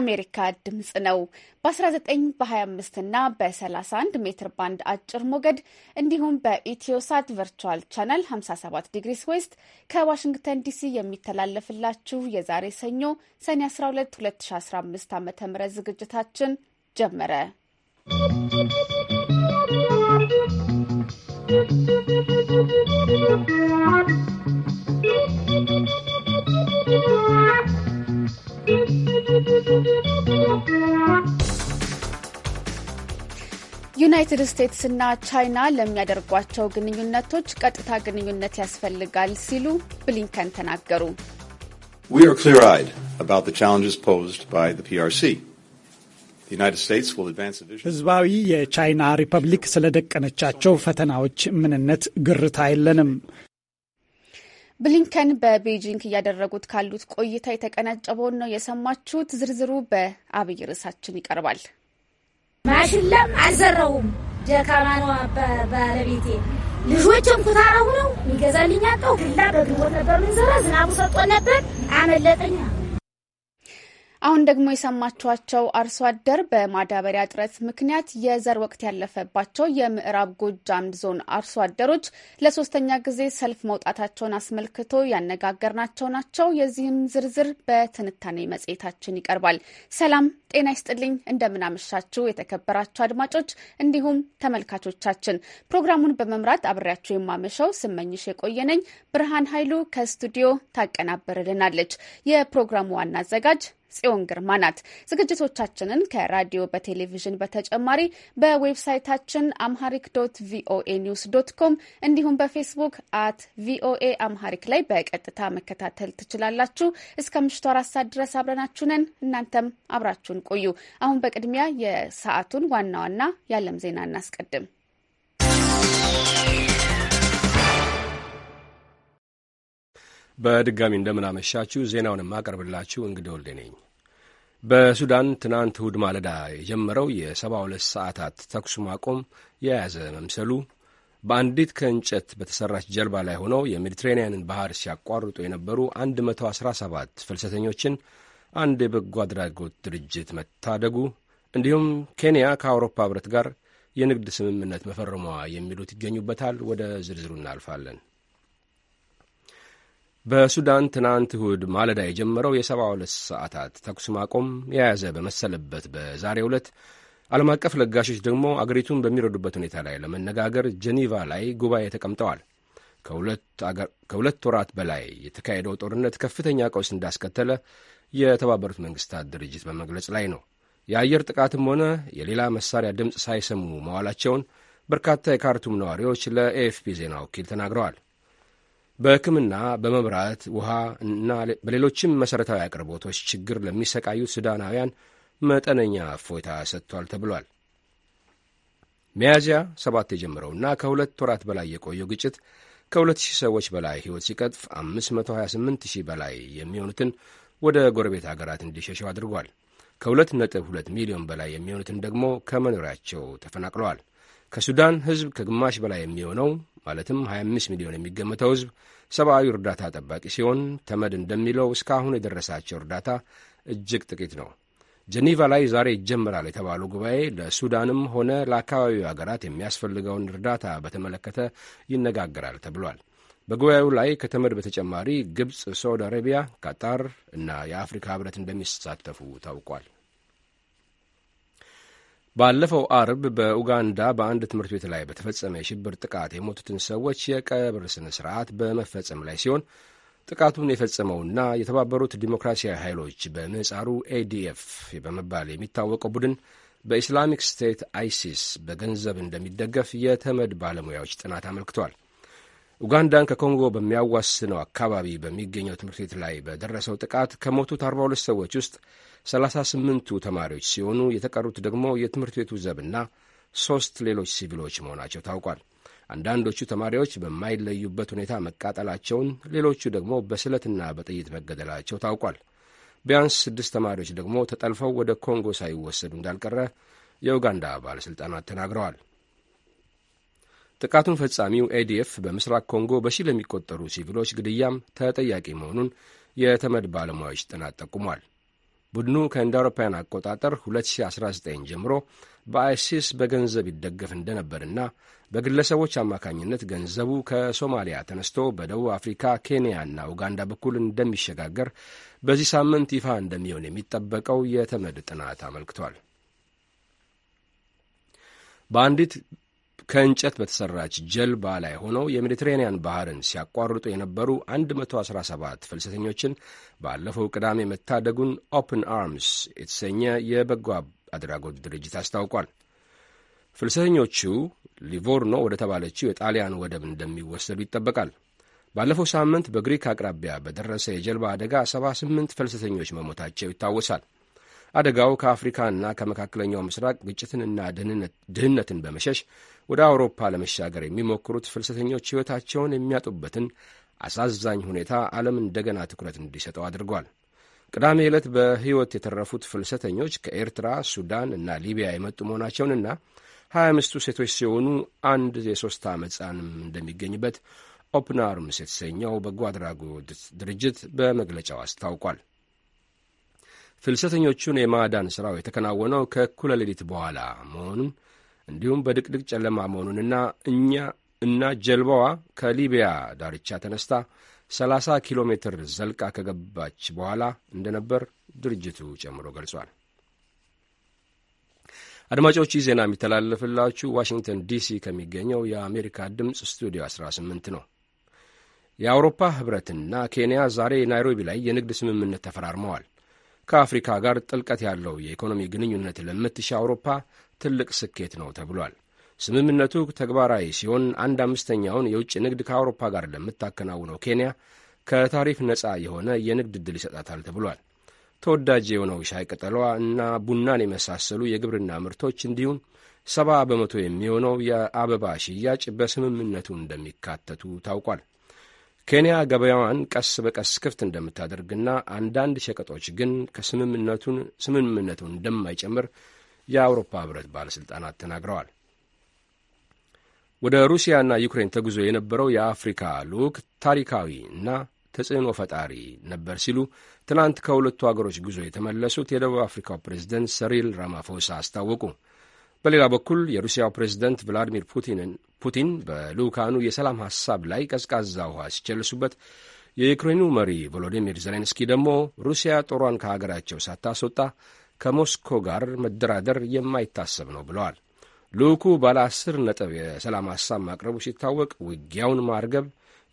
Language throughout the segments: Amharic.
የአሜሪካ ድምፅ ነው። በ19 በ25 እና በ31 ሜትር ባንድ አጭር ሞገድ እንዲሁም በኢትዮሳት ቨርቹዋል ቻናል 57 ዲግሪስ ዌስት ከዋሽንግተን ዲሲ የሚተላለፍላችሁ የዛሬ ሰኞ ሰኔ 12 2015 ዓ ም ዝግጅታችን ጀመረ። ¶¶ ዩናይትድ ስቴትስ ና ቻይና ለሚያደርጓቸው ግንኙነቶች ቀጥታ ግንኙነት ያስፈልጋል ሲሉ ብሊንከን ተናገሩ። ህዝባዊ የቻይና ሪፐብሊክ ስለደቀነቻቸው ፈተናዎች ምንነት ግርታ የለንም። ብሊንከን በቤጂንግ እያደረጉት ካሉት ቆይታ የተቀናጨበውን ነው የሰማችሁት። ዝርዝሩ በአብይ ርዕሳችን ይቀርባል። ማሽለም አልዘራውም። ደካማ ነው ባለቤቴ። ልጆችም ኩታረው ነው የሚገዛልኝ አጣሁ። ሁላ በግንቦት ነበር ምንዘራ ዝናቡ ሰጦ ነበር አመለጠኛ አሁን ደግሞ የሰማችኋቸው አርሶ አደር በማዳበሪያ እጥረት ምክንያት የዘር ወቅት ያለፈባቸው የምዕራብ ጎጃም ዞን አርሶ አደሮች ለሶስተኛ ጊዜ ሰልፍ መውጣታቸውን አስመልክቶ ያነጋገርናቸው ናቸው። የዚህም ዝርዝር በትንታኔ መጽሔታችን ይቀርባል። ሰላም ጤና ይስጥልኝ፣ እንደምናመሻችሁ የተከበራችሁ አድማጮች እንዲሁም ተመልካቾቻችን። ፕሮግራሙን በመምራት አብሬያችሁ የማመሸው ስመኝሽ የቆየነኝ። ብርሃን ኃይሉ ከስቱዲዮ ታቀናበርልናለች። የፕሮግራሙ ዋና አዘጋጅ ጽዮን ግርማ ናት። ዝግጅቶቻችንን ከራዲዮ በቴሌቪዥን በተጨማሪ በዌብሳይታችን አምሃሪክ ዶት ቪኦኤ ኒውስ ዶት ኮም እንዲሁም በፌስቡክ አት ቪኦኤ አምሃሪክ ላይ በቀጥታ መከታተል ትችላላችሁ። እስከ ምሽቱ አራት ሰዓት ድረስ አብረናችሁ ነን። እናንተም አብራችሁን አብራችሁን ቆዩ። አሁን በቅድሚያ የሰዓቱን ዋና ዋና የዓለም ዜና እናስቀድም። በድጋሚ እንደምናመሻችሁ ዜናውን የማቀርብላችሁ እንግዳ ወልዴ ነኝ። በሱዳን ትናንት እሁድ ማለዳ የጀመረው የሰባ ሁለት ሰዓታት ተኩስ ማቆም የያዘ መምሰሉ በአንዲት ከእንጨት በተሠራች ጀልባ ላይ ሆነው የሜዲትሬንያንን ባህር ሲያቋርጡ የነበሩ 117 ፍልሰተኞችን አንድ የበጎ አድራጎት ድርጅት መታደጉ እንዲሁም ኬንያ ከአውሮፓ ኅብረት ጋር የንግድ ስምምነት መፈረሟ የሚሉት ይገኙበታል። ወደ ዝርዝሩ እናልፋለን። በሱዳን ትናንት እሁድ ማለዳ የጀመረው የሰባ ሁለት ሰዓታት ተኩስ ማቆም የያዘ በመሰለበት በዛሬ ዕለት ዓለም አቀፍ ለጋሾች ደግሞ አገሪቱን በሚረዱበት ሁኔታ ላይ ለመነጋገር ጀኒቫ ላይ ጉባኤ ተቀምጠዋል። ከሁለት ወራት በላይ የተካሄደው ጦርነት ከፍተኛ ቀውስ እንዳስከተለ የተባበሩት መንግስታት ድርጅት በመግለጽ ላይ ነው። የአየር ጥቃትም ሆነ የሌላ መሳሪያ ድምፅ ሳይሰሙ መዋላቸውን በርካታ የካርቱም ነዋሪዎች ለኤኤፍፒ ዜና ወኪል ተናግረዋል። በሕክምና በመብራት ውሃ እና በሌሎችም መሠረታዊ አቅርቦቶች ችግር ለሚሰቃዩት ሱዳናውያን መጠነኛ እፎይታ ሰጥቷል ተብሏል። ሚያዝያ ሰባት የጀመረውና ከሁለት ወራት በላይ የቆየው ግጭት ከ2 ሰዎች በላይ ሕይወት ሲቀጥፍ 528 በላይ የሚሆኑትን ወደ ጎረቤት አገራት እንዲሸሸው አድርጓል። ከሁለት ከ2.2 ሚሊዮን በላይ የሚሆኑትን ደግሞ ከመኖሪያቸው ተፈናቅለዋል። ከሱዳን ሕዝብ ከግማሽ በላይ የሚሆነው ማለትም 25 ሚሊዮን የሚገመተው ሕዝብ ሰብአዊ እርዳታ ጠባቂ ሲሆን ተመድ እንደሚለው እስካሁን የደረሳቸው እርዳታ እጅግ ጥቂት ነው። ጀኒቫ ላይ ዛሬ ይጀምራል የተባለው ጉባኤ ለሱዳንም ሆነ ለአካባቢው አገራት የሚያስፈልገውን እርዳታ በተመለከተ ይነጋገራል ተብሏል። በጉባኤው ላይ ከተመድ በተጨማሪ ግብፅ፣ ሳውዲ አረቢያ፣ ቀጣር እና የአፍሪካ ህብረት እንደሚሳተፉ ታውቋል። ባለፈው አርብ በኡጋንዳ በአንድ ትምህርት ቤት ላይ በተፈጸመ የሽብር ጥቃት የሞቱትን ሰዎች የቀብር ስነ ስርዓት በመፈጸም ላይ ሲሆን ጥቃቱን የፈጸመውና የተባበሩት ዲሞክራሲያዊ ኃይሎች በምህጻሩ ኤዲኤፍ በመባል የሚታወቀው ቡድን በኢስላሚክ ስቴት አይሲስ በገንዘብ እንደሚደገፍ የተመድ ባለሙያዎች ጥናት አመልክቷል። ኡጋንዳን ከኮንጎ በሚያዋስነው አካባቢ በሚገኘው ትምህርት ቤት ላይ በደረሰው ጥቃት ከሞቱት 42 ሰዎች ውስጥ 38ቱ ተማሪዎች ሲሆኑ የተቀሩት ደግሞ የትምህርት ቤቱ ዘብና ሦስት ሌሎች ሲቪሎች መሆናቸው ታውቋል። አንዳንዶቹ ተማሪዎች በማይለዩበት ሁኔታ መቃጠላቸውን፣ ሌሎቹ ደግሞ በስለትና በጥይት መገደላቸው ታውቋል። ቢያንስ ስድስት ተማሪዎች ደግሞ ተጠልፈው ወደ ኮንጎ ሳይወሰዱ እንዳልቀረ የኡጋንዳ ባለሥልጣናት ተናግረዋል። ጥቃቱን ፈጻሚው ኤዲኤፍ በምስራቅ ኮንጎ በሺ ለሚቆጠሩ ሲቪሎች ግድያም ተጠያቂ መሆኑን የተመድ ባለሙያዎች ጥናት ጠቁሟል። ቡድኑ ከእንደ አውሮፓውያን አቆጣጠር 2019 ጀምሮ በአይሲስ በገንዘብ ይደገፍ እንደነበርና በግለሰቦች አማካኝነት ገንዘቡ ከሶማሊያ ተነስቶ በደቡብ አፍሪካ፣ ኬንያ እና ኡጋንዳ በኩል እንደሚሸጋገር በዚህ ሳምንት ይፋ እንደሚሆን የሚጠበቀው የተመድ ጥናት አመልክቷል። በአንዲት ከእንጨት በተሠራች ጀልባ ላይ ሆነው የሜዲትሬንያን ባህርን ሲያቋርጡ የነበሩ 117 ፍልሰተኞችን ባለፈው ቅዳሜ መታደጉን ኦፕን አርምስ የተሰኘ የበጎ አድራጎት ድርጅት አስታውቋል። ፍልሰተኞቹ ሊቮርኖ ወደ ተባለችው የጣሊያን ወደብ እንደሚወሰዱ ይጠበቃል። ባለፈው ሳምንት በግሪክ አቅራቢያ በደረሰ የጀልባ አደጋ 78 ፍልሰተኞች መሞታቸው ይታወሳል። አደጋው ከአፍሪካና ከመካከለኛው ምስራቅ ግጭትንና ድህነትን በመሸሽ ወደ አውሮፓ ለመሻገር የሚሞክሩት ፍልሰተኞች ሕይወታቸውን የሚያጡበትን አሳዛኝ ሁኔታ ዓለም እንደገና ትኩረት እንዲሰጠው አድርጓል። ቅዳሜ ዕለት በሕይወት የተረፉት ፍልሰተኞች ከኤርትራ፣ ሱዳን እና ሊቢያ የመጡ መሆናቸውንና ሀያ አምስቱ ሴቶች ሲሆኑ አንድ የሦስት ዓመት ሕፃንም እንደሚገኝበት ኦፕን አርምስ የተሰኘው በጎ አድራጎት ድርጅት በመግለጫው አስታውቋል። ፍልሰተኞቹን የማዳን ሥራው የተከናወነው ከእኩለ ሌሊት በኋላ መሆኑን እንዲሁም በድቅድቅ ጨለማ መሆኑንና እኛ እና ጀልባዋ ከሊቢያ ዳርቻ ተነስታ 30 ኪሎ ሜትር ዘልቃ ከገባች በኋላ እንደነበር ድርጅቱ ጨምሮ ገልጿል። አድማጮች ይህ ዜና የሚተላለፍላችሁ ዋሽንግተን ዲሲ ከሚገኘው የአሜሪካ ድምፅ ስቱዲዮ 18 ነው። የአውሮፓ ህብረትና ኬንያ ዛሬ ናይሮቢ ላይ የንግድ ስምምነት ተፈራርመዋል። ከአፍሪካ ጋር ጥልቀት ያለው የኢኮኖሚ ግንኙነት ለምትሻ አውሮፓ ትልቅ ስኬት ነው ተብሏል። ስምምነቱ ተግባራዊ ሲሆን አንድ አምስተኛውን የውጭ ንግድ ከአውሮፓ ጋር ለምታከናውነው ኬንያ ከታሪፍ ነጻ የሆነ የንግድ ዕድል ይሰጣታል ተብሏል። ተወዳጅ የሆነው ሻይ ቅጠሏ እና ቡናን የመሳሰሉ የግብርና ምርቶች እንዲሁም ሰባ በመቶ የሚሆነው የአበባ ሽያጭ በስምምነቱ እንደሚካተቱ ታውቋል። ኬንያ ገበያዋን ቀስ በቀስ ክፍት እንደምታደርግና አንዳንድ ሸቀጦች ግን ከስምምነቱን ስምምነቱን እንደማይጨምር የአውሮፓ ህብረት ባለሥልጣናት ተናግረዋል። ወደ ሩሲያና ዩክሬን ተጉዞ የነበረው የአፍሪካ ልዑክ ታሪካዊ እና ተጽዕኖ ፈጣሪ ነበር ሲሉ ትናንት ከሁለቱ አገሮች ጉዞ የተመለሱት የደቡብ አፍሪካው ፕሬዝደንት ሰሪል ራማፎሳ አስታወቁ። በሌላ በኩል የሩሲያው ፕሬዝደንት ቭላዲሚር ፑቲን በልዑካኑ የሰላም ሐሳብ ላይ ቀዝቃዛ ውሃ ሲቸልሱበት የዩክሬኑ መሪ ቮሎዲሚር ዜሌንስኪ ደግሞ ሩሲያ ጦሯን ከሀገራቸው ሳታስወጣ ከሞስኮ ጋር መደራደር የማይታሰብ ነው ብለዋል። ልዑኩ ባለ አስር ነጥብ የሰላም ሐሳብ ማቅረቡ ሲታወቅ ውጊያውን ማርገብ፣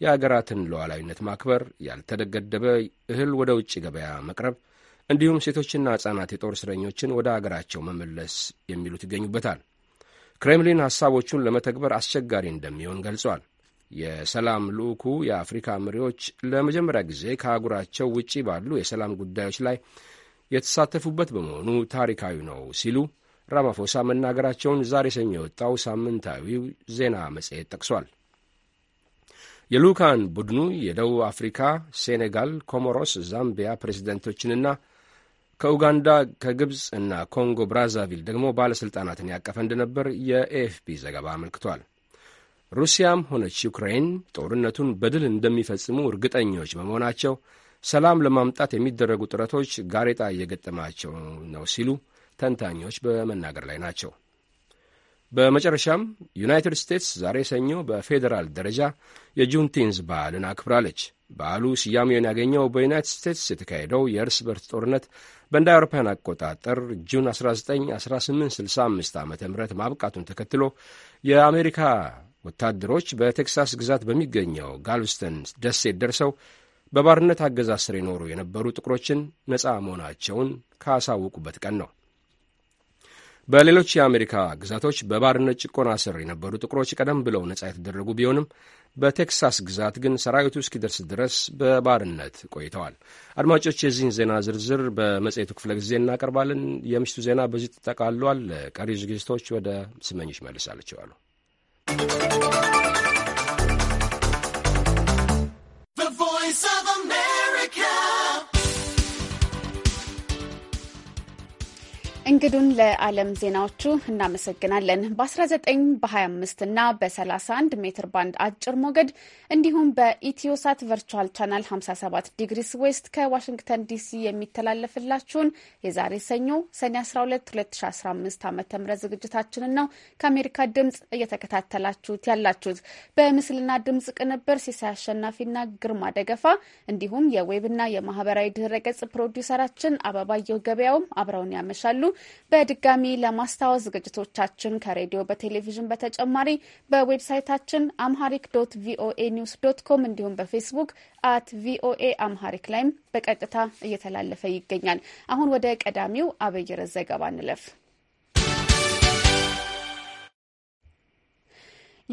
የአገራትን ሉዓላዊነት ማክበር፣ ያልተገደበ እህል ወደ ውጭ ገበያ መቅረብ፣ እንዲሁም ሴቶችና ሕጻናት የጦር እስረኞችን ወደ አገራቸው መመለስ የሚሉት ይገኙበታል። ክሬምሊን ሐሳቦቹን ለመተግበር አስቸጋሪ እንደሚሆን ገልጿል። የሰላም ልዑኩ የአፍሪካ መሪዎች ለመጀመሪያ ጊዜ ከአህጉራቸው ውጪ ባሉ የሰላም ጉዳዮች ላይ የተሳተፉበት በመሆኑ ታሪካዊ ነው ሲሉ ራማፎሳ መናገራቸውን ዛሬ ሰኞ የወጣው ሳምንታዊው ዜና መጽሔት ጠቅሷል። የልዑካን ቡድኑ የደቡብ አፍሪካ፣ ሴኔጋል፣ ኮሞሮስ፣ ዛምቢያ ፕሬዚደንቶችንና ከኡጋንዳ ከግብፅ እና ኮንጎ ብራዛቪል ደግሞ ባለሥልጣናትን ያቀፈ እንደነበር የኤኤፍፒ ዘገባ አመልክቷል። ሩሲያም ሆነች ዩክሬን ጦርነቱን በድል እንደሚፈጽሙ እርግጠኞች በመሆናቸው ሰላም ለማምጣት የሚደረጉ ጥረቶች ጋሬጣ እየገጠማቸው ነው ሲሉ ተንታኞች በመናገር ላይ ናቸው። በመጨረሻም ዩናይትድ ስቴትስ ዛሬ ሰኞ በፌዴራል ደረጃ የጁንቲንስ በዓልን አክብራለች። በዓሉ ስያሜውን ያገኘው በዩናይትድ ስቴትስ የተካሄደው የእርስ በርስ ጦርነት በእንደ አውሮፓውያን አቆጣጠር ጁን 19 1865 ዓ ም ማብቃቱን ተከትሎ የአሜሪካ ወታደሮች በቴክሳስ ግዛት በሚገኘው ጋልቭስተን ደሴት ደርሰው በባርነት አገዛዝ ስር የኖሩ የነበሩ ጥቁሮችን ነፃ መሆናቸውን ካሳወቁበት ቀን ነው። በሌሎች የአሜሪካ ግዛቶች በባርነት ጭቆና ስር የነበሩ ጥቁሮች ቀደም ብለው ነጻ የተደረጉ ቢሆንም በቴክሳስ ግዛት ግን ሰራዊቱ እስኪደርስ ድረስ በባርነት ቆይተዋል። አድማጮች፣ የዚህን ዜና ዝርዝር በመጽሔቱ ክፍለ ጊዜ እናቀርባለን። የምሽቱ ዜና በዚህ ተጠቃሏል። ቀሪ ዝግጅቶች ወደ ስመኞች መልሳለችዋሉ። እንግዱን ለዓለም ዜናዎቹ እናመሰግናለን። በ19 በ25 እና በ31 ሜትር ባንድ አጭር ሞገድ እንዲሁም በኢትዮሳት ቨርቹዋል ቻናል 57 ዲግሪስ ዌስት ከዋሽንግተን ዲሲ የሚተላለፍላችሁን የዛሬ ሰኞ ሰኔ 12 2015 ዓ ም ዝግጅታችንን ነው ከአሜሪካ ድምፅ እየተከታተላችሁት ያላችሁት። በምስልና ድምፅ ቅንብር ሲሳይ አሸናፊና ግርማ ደገፋ እንዲሁም የዌብና የማህበራዊ ድህረ ገጽ ፕሮዲውሰራችን አበባየሁ ገበያውም አብረውን ያመሻሉ። በድጋሚ ለማስታወስ ዝግጅቶቻችን ከሬዲዮ በቴሌቪዥን በተጨማሪ በዌብሳይታችን አምሃሪክ ዶት ቪኦኤ ኒውስ ዶት ኮም እንዲሁም በፌስቡክ አት ቪኦኤ አምሃሪክ ላይም በቀጥታ እየተላለፈ ይገኛል። አሁን ወደ ቀዳሚው አብይር ዘገባ እንለፍ።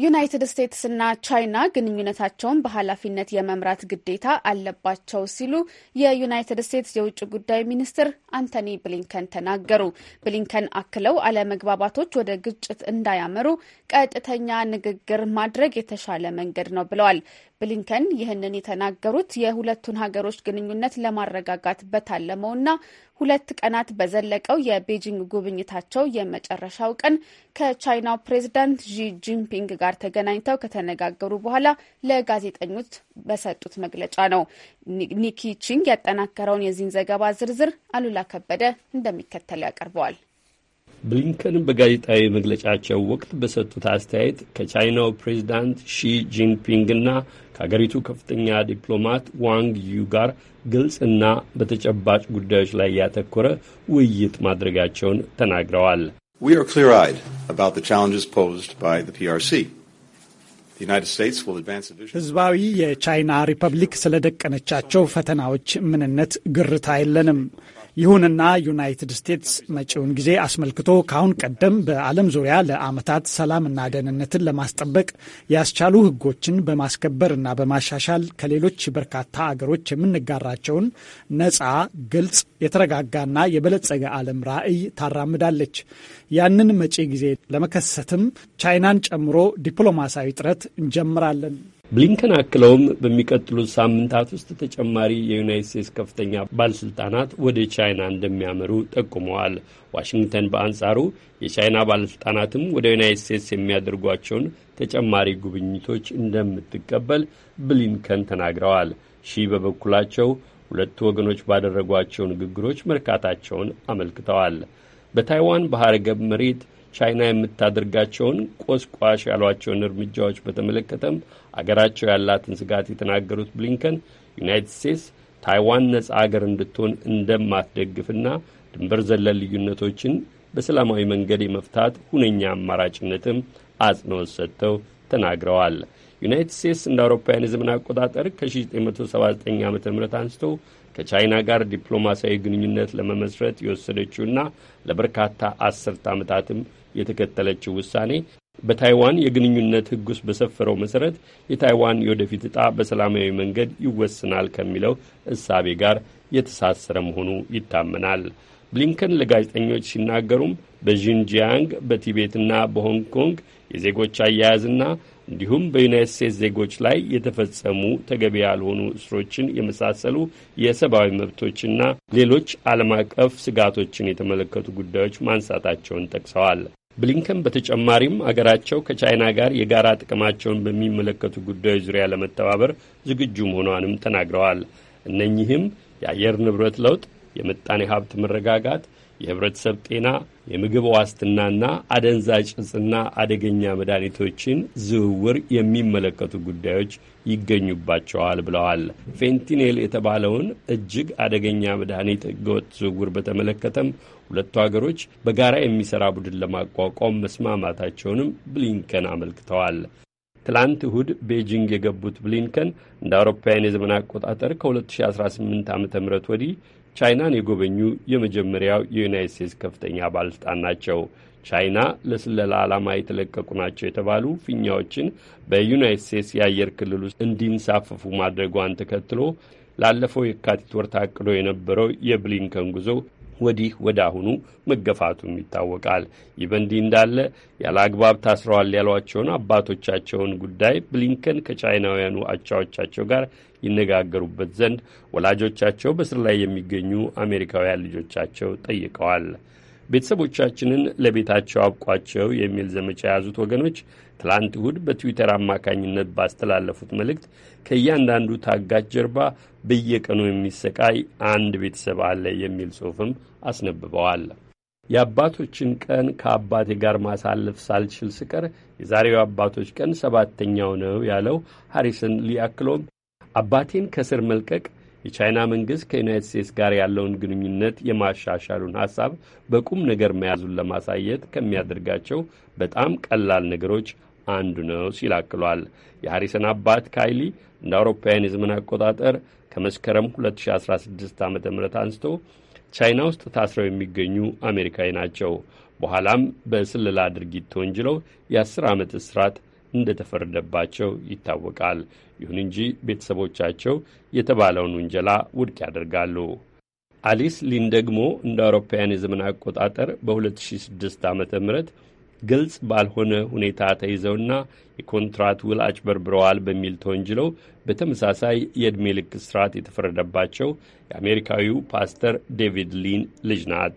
ዩናይትድ ስቴትስ ና ቻይና ግንኙነታቸውን በኃላፊነት የመምራት ግዴታ አለባቸው ሲሉ የዩናይትድ ስቴትስ የውጭ ጉዳይ ሚኒስትር አንቶኒ ብሊንከን ተናገሩ። ብሊንከን አክለው አለመግባባቶች ወደ ግጭት እንዳያመሩ ቀጥተኛ ንግግር ማድረግ የተሻለ መንገድ ነው ብለዋል። ብሊንከን ይህንን የተናገሩት የሁለቱን ሀገሮች ግንኙነት ለማረጋጋት በታለመውና ሁለት ቀናት በዘለቀው የቤጂንግ ጉብኝታቸው የመጨረሻው ቀን ከቻይናው ፕሬዚዳንት ዢ ጂንፒንግ ጋር ተገናኝተው ከተነጋገሩ በኋላ ለጋዜጠኞች በሰጡት መግለጫ ነው። ኒኪ ቺንግ ያጠናከረውን የዚህን ዘገባ ዝርዝር አሉላ ከበደ እንደሚከተለው ያቀርበዋል። ብሊንከን በጋዜጣዊ መግለጫቸው ወቅት በሰጡት አስተያየት ከቻይናው ፕሬዚዳንት ሺ ጂንፒንግና ከአገሪቱ ከፍተኛ ዲፕሎማት ዋንግ ዩ ጋር ግልጽና በተጨባጭ ጉዳዮች ላይ ያተኮረ ውይይት ማድረጋቸውን ተናግረዋል። ህዝባዊ የቻይና ሪፐብሊክ ስለደቀነቻቸው ፈተናዎች ምንነት ግርታ የለንም። ይሁንና ዩናይትድ ስቴትስ መጪውን ጊዜ አስመልክቶ ከአሁን ቀደም በዓለም ዙሪያ ለአመታት ሰላምና ደህንነትን ለማስጠበቅ ያስቻሉ በማስከበር በማስከበርና በማሻሻል ከሌሎች በርካታ አገሮች የምንጋራቸውን ነፃ፣ ግልጽ፣ የተረጋጋና የበለጸገ ዓለም ራዕይ ታራምዳለች። ያንን መጪ ጊዜ ለመከሰትም ቻይናን ጨምሮ ዲፕሎማሲያዊ ጥረት እንጀምራለን። ብሊንከን አክለውም በሚቀጥሉት ሳምንታት ውስጥ ተጨማሪ የዩናይት ስቴትስ ከፍተኛ ባለሥልጣናት ወደ ቻይና እንደሚያመሩ ጠቁመዋል። ዋሽንግተን በአንጻሩ የቻይና ባለሥልጣናትም ወደ ዩናይት ስቴትስ የሚያደርጓቸውን ተጨማሪ ጉብኝቶች እንደምትቀበል ብሊንከን ተናግረዋል። ሺ በበኩላቸው ሁለቱ ወገኖች ባደረጓቸው ንግግሮች መርካታቸውን አመልክተዋል። በታይዋን ባህረ ገብ መሬት ቻይና የምታደርጋቸውን ቆስቋሽ ያሏቸውን እርምጃዎች በተመለከተም አገራቸው ያላትን ስጋት የተናገሩት ብሊንከን ዩናይትድ ስቴትስ ታይዋን ነጻ አገር እንድትሆን እንደማትደግፍና ድንበር ዘለል ልዩነቶችን በሰላማዊ መንገድ የመፍታት ሁነኛ አማራጭነትም አጽንኦት ሰጥተው ተናግረዋል። ዩናይትድ ስቴትስ እንደ አውሮፓውያን የዘመን አቆጣጠር ከ1979 ዓ ም አንስቶ ከቻይና ጋር ዲፕሎማሲያዊ ግንኙነት ለመመስረት የወሰደችውና ለበርካታ አስርት ዓመታትም የተከተለችው ውሳኔ በታይዋን የግንኙነት ሕግ ውስጥ በሰፈረው መሰረት የታይዋን የወደፊት ዕጣ በሰላማዊ መንገድ ይወስናል ከሚለው እሳቤ ጋር የተሳሰረ መሆኑ ይታመናል። ብሊንከን ለጋዜጠኞች ሲናገሩም በዢንጂያንግ በቲቤትና በሆንግ ኮንግ የዜጎች አያያዝና እንዲሁም በዩናይት ስቴትስ ዜጎች ላይ የተፈጸሙ ተገቢ ያልሆኑ እስሮችን የመሳሰሉ የሰብአዊ መብቶችና ሌሎች ዓለም አቀፍ ስጋቶችን የተመለከቱ ጉዳዮች ማንሳታቸውን ጠቅሰዋል። ብሊንከን በተጨማሪም አገራቸው ከቻይና ጋር የጋራ ጥቅማቸውን በሚመለከቱ ጉዳዮች ዙሪያ ለመተባበር ዝግጁ መሆኗንም ተናግረዋል። እነኚህም የአየር ንብረት ለውጥ፣ የምጣኔ ሀብት መረጋጋት፣ የህብረተሰብ ጤና፣ የምግብ ዋስትናና አደንዛዥ እጽና አደገኛ መድኃኒቶችን ዝውውር የሚመለከቱ ጉዳዮች ይገኙባቸዋል ብለዋል። ፌንቲኔል የተባለውን እጅግ አደገኛ መድኃኒት ህገወጥ ዝውውር በተመለከተም ሁለቱ ሀገሮች በጋራ የሚሰራ ቡድን ለማቋቋም መስማማታቸውንም ብሊንከን አመልክተዋል። ትላንት እሁድ ቤጂንግ የገቡት ብሊንከን እንደ አውሮፓውያን የዘመን አቆጣጠር ከ2018 ዓ ም ወዲህ ቻይናን የጎበኙ የመጀመሪያው የዩናይት ስቴትስ ከፍተኛ ባለስልጣን ናቸው። ቻይና ለስለላ ዓላማ የተለቀቁ ናቸው የተባሉ ፊኛዎችን በዩናይት ስቴትስ የአየር ክልል ውስጥ እንዲንሳፈፉ ማድረጓን ተከትሎ ላለፈው የካቲት ወር ታቅዶ የነበረው የብሊንከን ጉዞ ወዲህ ወደ አሁኑ መገፋቱም ይታወቃል። ይህ በእንዲህ እንዳለ ያለ አግባብ ታስረዋል ያሏቸውን አባቶቻቸውን ጉዳይ ብሊንከን ከቻይናውያኑ አቻዎቻቸው ጋር ይነጋገሩበት ዘንድ ወላጆቻቸው በእስር ላይ የሚገኙ አሜሪካውያን ልጆቻቸው ጠይቀዋል። ቤተሰቦቻችንን ለቤታቸው አብቋቸው የሚል ዘመቻ የያዙት ወገኖች ትላንት እሁድ በትዊተር አማካኝነት ባስተላለፉት መልእክት ከእያንዳንዱ ታጋች ጀርባ በየቀኑ የሚሰቃይ አንድ ቤተሰብ አለ የሚል ጽሑፍም አስነብበዋል። የአባቶችን ቀን ከአባቴ ጋር ማሳለፍ ሳልችል ስቀር የዛሬው አባቶች ቀን ሰባተኛው ነው ያለው ሃሪሰን ሊያክሎም አባቴን ከስር መልቀቅ የቻይና መንግስት ከዩናይትድ ስቴትስ ጋር ያለውን ግንኙነት የማሻሻሉን ሀሳብ በቁም ነገር መያዙን ለማሳየት ከሚያደርጋቸው በጣም ቀላል ነገሮች አንዱ ነው ሲል አክሏል። አባት ካይሊ እንደ አውሮፓውያን የዘመን አቆጣጠር ከመስከረም 2016 ዓ ም አንስቶ ቻይና ውስጥ ታስረው የሚገኙ አሜሪካዊ ናቸው። በኋላም በስለላ ድርጊት ተወንጅለው የአስር ዓመት እስራት እንደተፈረደባቸው ይታወቃል። ይሁን እንጂ ቤተሰቦቻቸው የተባለውን ውንጀላ ውድቅ ያደርጋሉ። አሊስ ሊን ደግሞ እንደ አውሮፓውያን የዘመን አቆጣጠር በ2006 ዓ ም ግልጽ ባልሆነ ሁኔታ ተይዘውና የኮንትራት ውል አጭበርብረዋል በሚል ተወንጅለው በተመሳሳይ የዕድሜ ልክ እስራት የተፈረደባቸው የአሜሪካዊው ፓስተር ዴቪድ ሊን ልጅ ናት።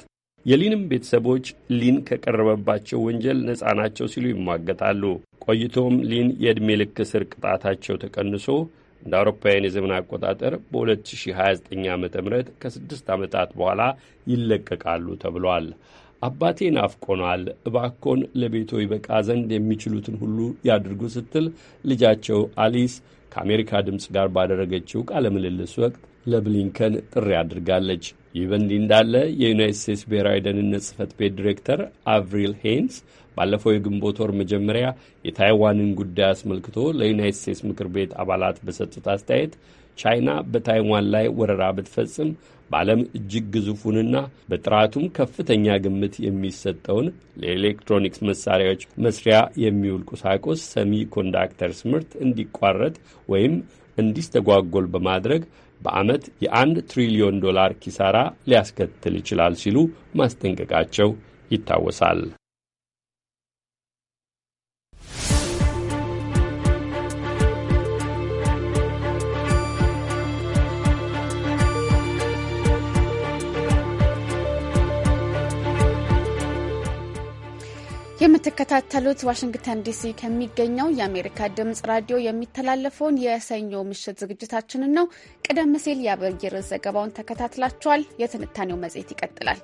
የሊንም ቤተሰቦች ሊን ከቀረበባቸው ወንጀል ነጻ ናቸው ሲሉ ይሟገታሉ። ቆይቶም ሊን የዕድሜ ልክ እስር ቅጣታቸው ተቀንሶ እንደ አውሮፓውያን የዘመን አቆጣጠር በ2029 ዓ ም ከስድስት ዓመታት በኋላ ይለቀቃሉ ተብሏል። አባቴ ናፍቆኗል፣ እባኮን ለቤቶ ይበቃ ዘንድ የሚችሉትን ሁሉ ያድርጉ ስትል ልጃቸው አሊስ ከአሜሪካ ድምፅ ጋር ባደረገችው ቃለ ምልልስ ወቅት ለብሊንከን ጥሪ አድርጋለች። ይህ በእንዲህ እንዳለ የዩናይት ስቴትስ ብሔራዊ ደህንነት ጽህፈት ቤት ዲሬክተር አቭሪል ሄንስ ባለፈው የግንቦት ወር መጀመሪያ የታይዋንን ጉዳይ አስመልክቶ ለዩናይት ስቴትስ ምክር ቤት አባላት በሰጡት አስተያየት ቻይና በታይዋን ላይ ወረራ ብትፈጽም በዓለም እጅግ ግዙፉንና በጥራቱም ከፍተኛ ግምት የሚሰጠውን ለኤሌክትሮኒክስ መሳሪያዎች መስሪያ የሚውል ቁሳቁስ ሰሚ ኮንዳክተርስ ምርት እንዲቋረጥ ወይም እንዲስተጓጎል በማድረግ በዓመት የአንድ ትሪሊዮን ዶላር ኪሳራ ሊያስከትል ይችላል ሲሉ ማስጠንቀቃቸው ይታወሳል። የምትከታተሉት ዋሽንግተን ዲሲ ከሚገኘው የአሜሪካ ድምፅ ራዲዮ የሚተላለፈውን የሰኞ ምሽት ዝግጅታችንን ነው። ቀደም ሲል የአበይር ዘገባውን ተከታትላችኋል። የትንታኔው መጽሔት ይቀጥላል።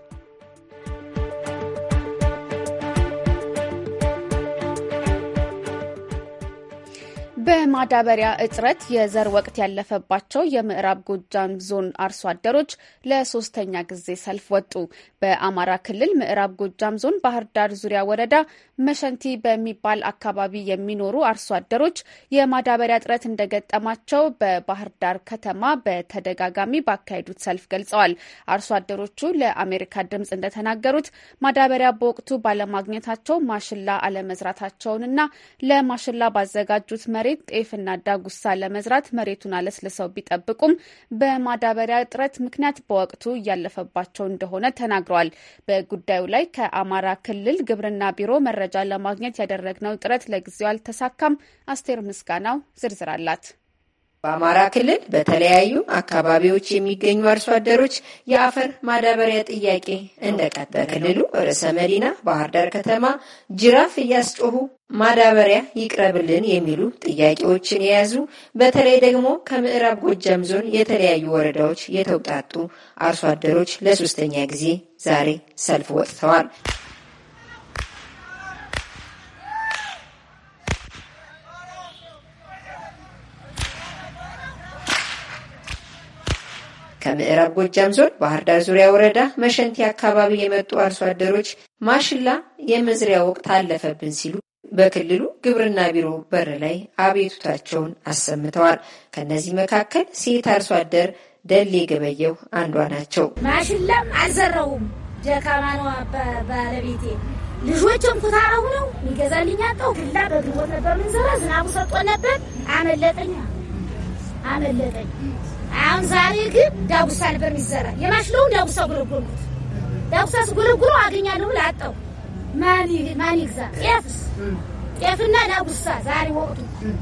በማዳበሪያ እጥረት የዘር ወቅት ያለፈባቸው የምዕራብ ጎጃም ዞን አርሶ አደሮች ለሶስተኛ ጊዜ ሰልፍ ወጡ። በአማራ ክልል ምዕራብ ጎጃም ዞን ባህር ዳር ዙሪያ ወረዳ መሸንቲ በሚባል አካባቢ የሚኖሩ አርሶ አደሮች የማዳበሪያ እጥረት እንደገጠማቸው በባህር ዳር ከተማ በተደጋጋሚ ባካሄዱት ሰልፍ ገልጸዋል። አርሶ አደሮቹ ለአሜሪካ ድምጽ እንደተናገሩት ማዳበሪያ በወቅቱ ባለማግኘታቸው ማሽላ አለመዝራታቸውንና ለማሽላ ባዘጋጁት መሬት መሬት ጤፍና ዳጉሳ ለመዝራት መሬቱን አለስልሰው ቢጠብቁም በማዳበሪያ እጥረት ምክንያት በወቅቱ እያለፈባቸው እንደሆነ ተናግረዋል። በጉዳዩ ላይ ከአማራ ክልል ግብርና ቢሮ መረጃ ለማግኘት ያደረግነው ጥረት ለጊዜው አልተሳካም። አስቴር ምስጋናው ዝርዝር አላት። በአማራ ክልል በተለያዩ አካባቢዎች የሚገኙ አርሶ አደሮች የአፈር ማዳበሪያ ጥያቄ እንደቀጠ ክልሉ ርዕሰ መዲና ባህር ዳር ከተማ ጅራፍ እያስጮሁ ማዳበሪያ ይቅረብልን የሚሉ ጥያቄዎችን የያዙ በተለይ ደግሞ ከምዕራብ ጎጃም ዞን የተለያዩ ወረዳዎች የተውጣጡ አርሶ አደሮች ለሶስተኛ ጊዜ ዛሬ ሰልፍ ወጥተዋል። ከምዕራብ ጎጃም ዞን ባህር ዳር ዙሪያ ወረዳ መሸንቲ አካባቢ የመጡ አርሶ አደሮች ማሽላ የመዝሪያ ወቅት አለፈብን ሲሉ በክልሉ ግብርና ቢሮ በር ላይ አቤቱታቸውን አሰምተዋል። ከእነዚህ መካከል ሴት አርሶ አደር ደሌ ገበየው አንዷ ናቸው። ማሽላም አልዘራውም፣ ደካማ ነው ባለቤቴ። ልጆችም ኩታራ ነው የሚገዛልኝ ቀው ግላ በግንቦት ነበር ምንዘራ፣ ዝናቡ ሰጦ ነበር። አመለጠኝ አመለጠኝ አሁን ዛሬ ግን ዳጉሳ ነበር የሚዘራ የማሽለውን ዳጉሳ ጎረጎርኩት። ዳጉሳ ስጎረጉሮ አገኛለሁ ብለህ አጣሁ። ማን ማን ይግዛ? ጤፍስ ጤፍና ዳጉሳ ዛሬ ወቅቱ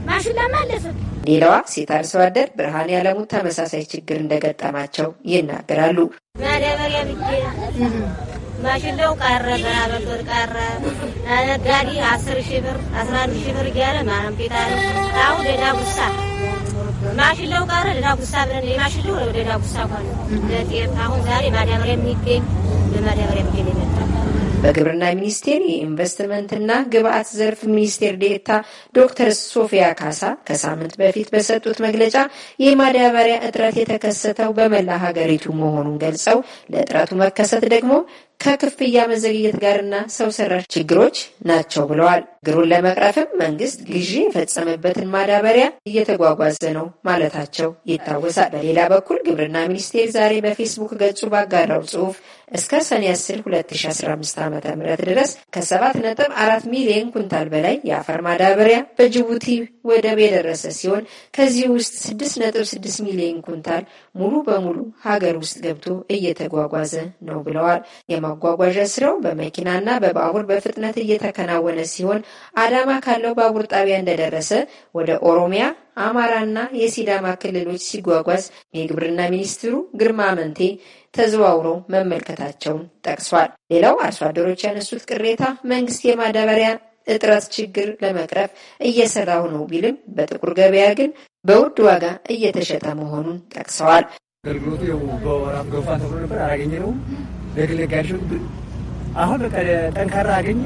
ማሽላማ አለፈ። ሌላዋ ሴት አርሶ አደር ብርሃን ያለሙ ተመሳሳይ ችግር እንደገጠማቸው ይናገራሉ። ማዳበሪያ ብዬ ማሽላው ቀረ፣ ገና ቀረ። ነጋዴ አስር ሺህ ብር አስራ አንድ ሺህ ብር እያለ ማንም ቤታ አሁን ደዳጉሳ ማሽላው ቀረ፣ ደዳጉሳ ብለን የማሽላው ነው ደዳጉሳ ሆነ። ለጤፍ አሁን ዛሬ ማዳበሪያ የሚገኝ ለማዳበሪያ የሚገኝ ይመጣል። በግብርና ሚኒስቴር የኢንቨስትመንትና ግብአት ዘርፍ ሚኒስቴር ዴታ ዶክተር ሶፊያ ካሳ ከሳምንት በፊት በሰጡት መግለጫ የማዳበሪያ እጥረት የተከሰተው በመላ ሀገሪቱ መሆኑን ገልጸው ለእጥረቱ መከሰት ደግሞ ከክፍያ መዘግየት ጋርና ሰው ሰራሽ ችግሮች ናቸው ብለዋል። ችግሩን ለመቅረፍም መንግስት ግዢ የፈጸመበትን ማዳበሪያ እየተጓጓዘ ነው ማለታቸው ይታወሳል። በሌላ በኩል ግብርና ሚኒስቴር ዛሬ በፌስቡክ ገጹ ባጋራው ጽሁፍ እስከ ሰኔ 10 2015 ዓ ም ድረስ ከ7.4 ሚሊዮን ኩንታል በላይ የአፈር ማዳበሪያ በጅቡቲ ወደብ የደረሰ ሲሆን ከዚህ ውስጥ 6.6 ሚሊዮን ኩንታል ሙሉ በሙሉ ሀገር ውስጥ ገብቶ እየተጓጓዘ ነው ብለዋል። ማጓጓዣ ስራው በመኪናና በባቡር በፍጥነት እየተከናወነ ሲሆን አዳማ ካለው ባቡር ጣቢያ እንደደረሰ ወደ ኦሮሚያ፣ አማራና የሲዳማ ክልሎች ሲጓጓዝ የግብርና ሚኒስትሩ ግርማ አመንቴ ተዘዋውሮ መመልከታቸውን ጠቅሷል። ሌላው አርሶ አደሮች ያነሱት ቅሬታ መንግስት የማዳበሪያ እጥረት ችግር ለመቅረፍ እየሰራው ነው ቢልም በጥቁር ገበያ ግን በውድ ዋጋ እየተሸጠ መሆኑን ጠቅሰዋል። አገልግሎቱ በወራት ገፋ ተብሎ ነበር አላገኘ ነው በግለጋሾ አሁን በቃ ጠንካራ አገኘ።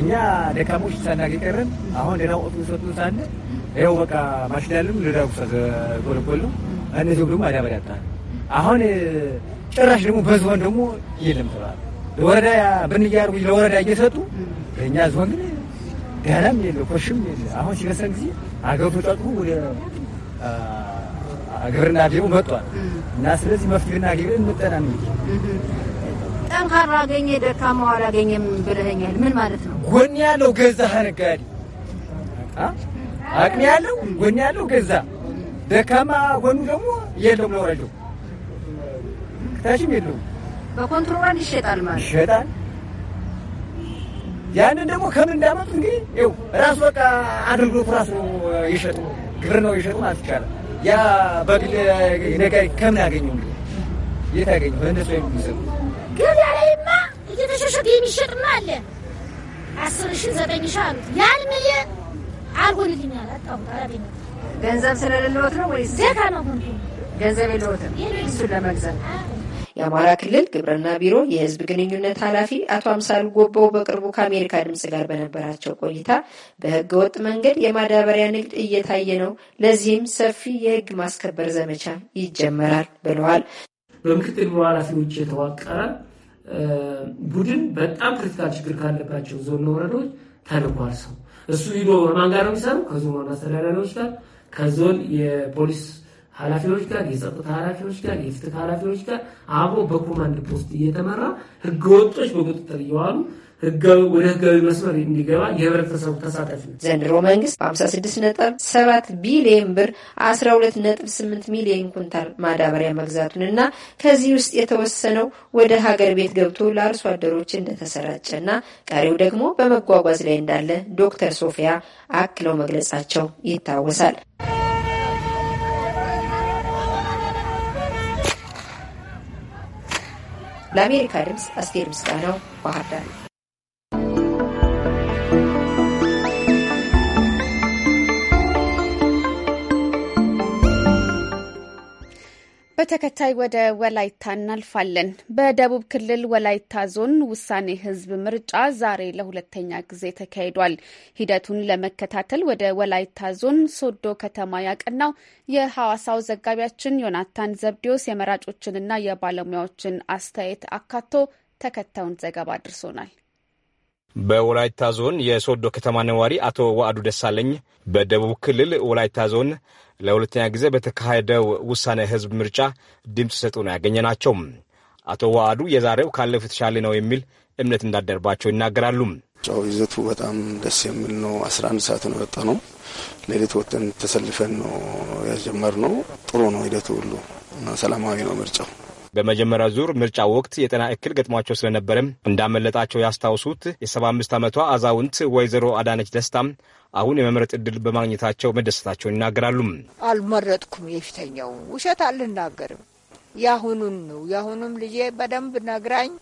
እኛ ደካሞች ሳናገ ቀረን። አሁን ሌላ ቆጥ ሰጡ ሳለ ይኸው በቃ ማሽላልም ልዳጉሰ ጎለጎሉ ነው። ደግሞ አዳበር ያጣል። አሁን ጭራሽ ደግሞ በዝሆን ደግሞ የለም ተባለ። ለወረዳ ብንያር ለወረዳ እየሰጡ እኛ ዝሆን ግን ገናም የለ ኮሽም የለ። አሁን ሲበሰን ጊዜ አገቱ ተጫጥፎ ወደ ግብርና ቢሮ መጥቷል እና ስለዚህ መፍትሄ እናገኝ ብለን መጠና ነው ጠንካራ አገኘ ደካማው አላገኘም ብለኸኛል። ምን ማለት ነው? ጎን ያለው ገዛ ነጋዴ አቅም ያለው ጎን ያለው ገዛ፣ ደካማ ጎኑ ደግሞ የለውም ነው ወረደው ታሽም የለውም። በኮንትሮባንድ ይሸጣል ማለት ይሸጣል። ያንን ደግሞ ከምን እንዳመጡ እንግዲህ ይኸው ራሱ በቃ አገልግሎቱ ራሱ ነው ይሸጡ፣ ግብር ነው ይሸጡ ማለት ይቻላል። ያ በግል ነጋዴ ከምን አገኘው እንግዲህ የት አገኘው? በእነሱ ነው የሚሰሩ ግን አስር ሺህ የሚሸጥማ አለ። አስር ሺህ ዘጠኝ ሺህ አሉት። ያን ሚሊዮን አልሆንልኛል፣ አጣሁት። አላገኘ ገንዘብ ስለሌለዎት ነው ወይስ ዜካ ነው? ገንዘብ የለዎትም እሱን ለመግዛት የአማራ ክልል ግብርና ቢሮ የሕዝብ ግንኙነት ኃላፊ አቶ አምሳሉ ጎበው በቅርቡ ከአሜሪካ ድምጽ ጋር በነበራቸው ቆይታ በሕገ ወጥ መንገድ የማዳበሪያ ንግድ እየታየ ነው፣ ለዚህም ሰፊ የሕግ ማስከበር ዘመቻ ይጀመራል ብለዋል። በምክትል ቢሮ ኃላፊዎች የተዋቀረ ቡድን በጣም ክሪቲካል ችግር ካለባቸው ዞን ወረዳዎች ተልኳል ሰው እሱ ሂዶ በማን ጋር ነው የሚሰሩ? ከዞን አስተዳዳሪዎች ጋር፣ ከዞን የፖሊስ ኃላፊዎች ጋር፣ የጸጥታ ኃላፊዎች ጋር፣ የፍትህ ኃላፊዎች ጋር አብሮ በኮማንድ ፖስት እየተመራ ህገወጦች በቁጥጥር እየዋሉ ህጋዊ ወደ ህጋዊ መስመር እንዲገባ የህብረተሰቡ ተሳታፊ ነው። ዘንድሮ መንግስት በ ስድስት ነጥብ ሰባት ቢሊየን ብር ሁለት ነጥብ ስምንት ሚሊየን ኩንታል ማዳበሪያ መግዛቱንና ከዚህ ውስጥ የተወሰነው ወደ ሀገር ቤት ገብቶ ለአርሶ አደሮች እንደተሰራጨና ቀሪው ደግሞ በመጓጓዝ ላይ እንዳለ ዶክተር ሶፊያ አክለው መግለጻቸው ይታወሳል። ለአሜሪካ ድምፅ አስቴር ምስጋናው ባህርዳር። በተከታይ ወደ ወላይታ እናልፋለን። በደቡብ ክልል ወላይታ ዞን ውሳኔ ህዝብ ምርጫ ዛሬ ለሁለተኛ ጊዜ ተካሂዷል። ሂደቱን ለመከታተል ወደ ወላይታ ዞን ሶዶ ከተማ ያቀናው የሐዋሳው ዘጋቢያችን ዮናታን ዘብዲዮስ የመራጮችንና የባለሙያዎችን አስተያየት አካቶ ተከታዩን ዘገባ አድርሶናል። በወላይታ ዞን የሶዶ ከተማ ነዋሪ አቶ ዋዕዱ ደሳለኝ በደቡብ ክልል ወላይታ ዞን ለሁለተኛ ጊዜ በተካሄደው ውሳኔ ህዝብ ምርጫ ድምፅ ሰጡ ነው ያገኘ ናቸው። አቶ ዋዕዱ የዛሬው ካለፉ የተሻለ ነው የሚል እምነት እንዳደርባቸው ይናገራሉ። ጫው ይዘቱ በጣም ደስ የሚል ነው። አስራ አንድ ሰዓት ነው የወጣ ነው። ሌሊት ወጥተን ተሰልፈን ነው ያጀመር ነው። ጥሩ ነው ሂደቱ ሁሉ እና ሰላማዊ ነው ምርጫው በመጀመሪያ ዙር ምርጫ ወቅት የጤና እክል ገጥሟቸው ስለነበረ እንዳመለጣቸው ያስታውሱት የ75 ዓመቷ አዛውንት ወይዘሮ አዳነች ደስታም አሁን የመምረጥ እድል በማግኘታቸው መደሰታቸውን ይናገራሉ። አልመረጥኩም። የፊተኛው ውሸት አልናገርም። የአሁኑን ነው። የአሁኑም ልጄ በደንብ ነግራኝ፣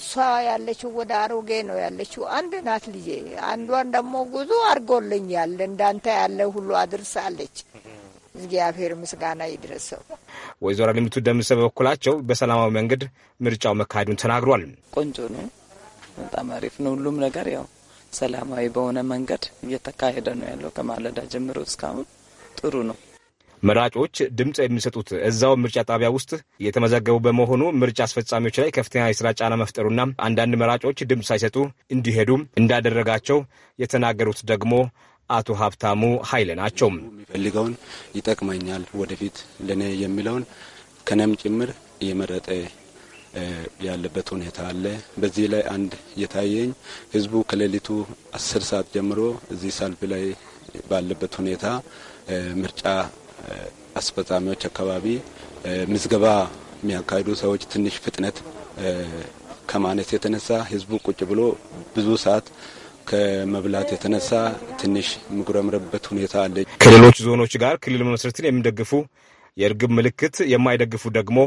እሷ ያለችው ወደ አሮጌ ነው ያለችው። አንድ ናት ልጄ። አንዷን ደግሞ ጉዞ አድርጎልኛል። እንዳንተ ያለ ሁሉ አድርሳለች። እግዚአብሔር ምስጋና ይድረሰው። ወይዘሮ ልምቱ ደምሰ በበኩላቸው በሰላማዊ መንገድ ምርጫው መካሄዱን ተናግሯል። ቆንጆ ነው፣ በጣም አሪፍ ነው። ሁሉም ነገር ያው ሰላማዊ በሆነ መንገድ እየተካሄደ ነው ያለው ከማለዳ ጀምሮ እስካሁን ጥሩ ነው። መራጮች ድምፅ የሚሰጡት እዛው ምርጫ ጣቢያ ውስጥ የተመዘገቡ በመሆኑ ምርጫ አስፈጻሚዎች ላይ ከፍተኛ የስራ ጫና መፍጠሩና አንዳንድ መራጮች ድምፅ ሳይሰጡ እንዲሄዱ እንዳደረጋቸው የተናገሩት ደግሞ አቶ ሀብታሙ ኃይለ ናቸው። የሚፈልገውን ይጠቅመኛል፣ ወደፊት ለእኔ የሚለውን ከነም ጭምር እየመረጠ ያለበት ሁኔታ አለ። በዚህ ላይ አንድ የታየኝ ህዝቡ ከሌሊቱ አስር ሰዓት ጀምሮ እዚህ ሰልፍ ላይ ባለበት ሁኔታ ምርጫ አስፈጻሚዎች አካባቢ ምዝገባ የሚያካሂዱ ሰዎች ትንሽ ፍጥነት ከማነስ የተነሳ ህዝቡ ቁጭ ብሎ ብዙ ሰዓት ከመብላት የተነሳ ትንሽ ምጉረምረበት ሁኔታ አለ። ከሌሎች ዞኖች ጋር ክልል መመስረትን የሚደግፉ የእርግብ ምልክት የማይደግፉ ደግሞ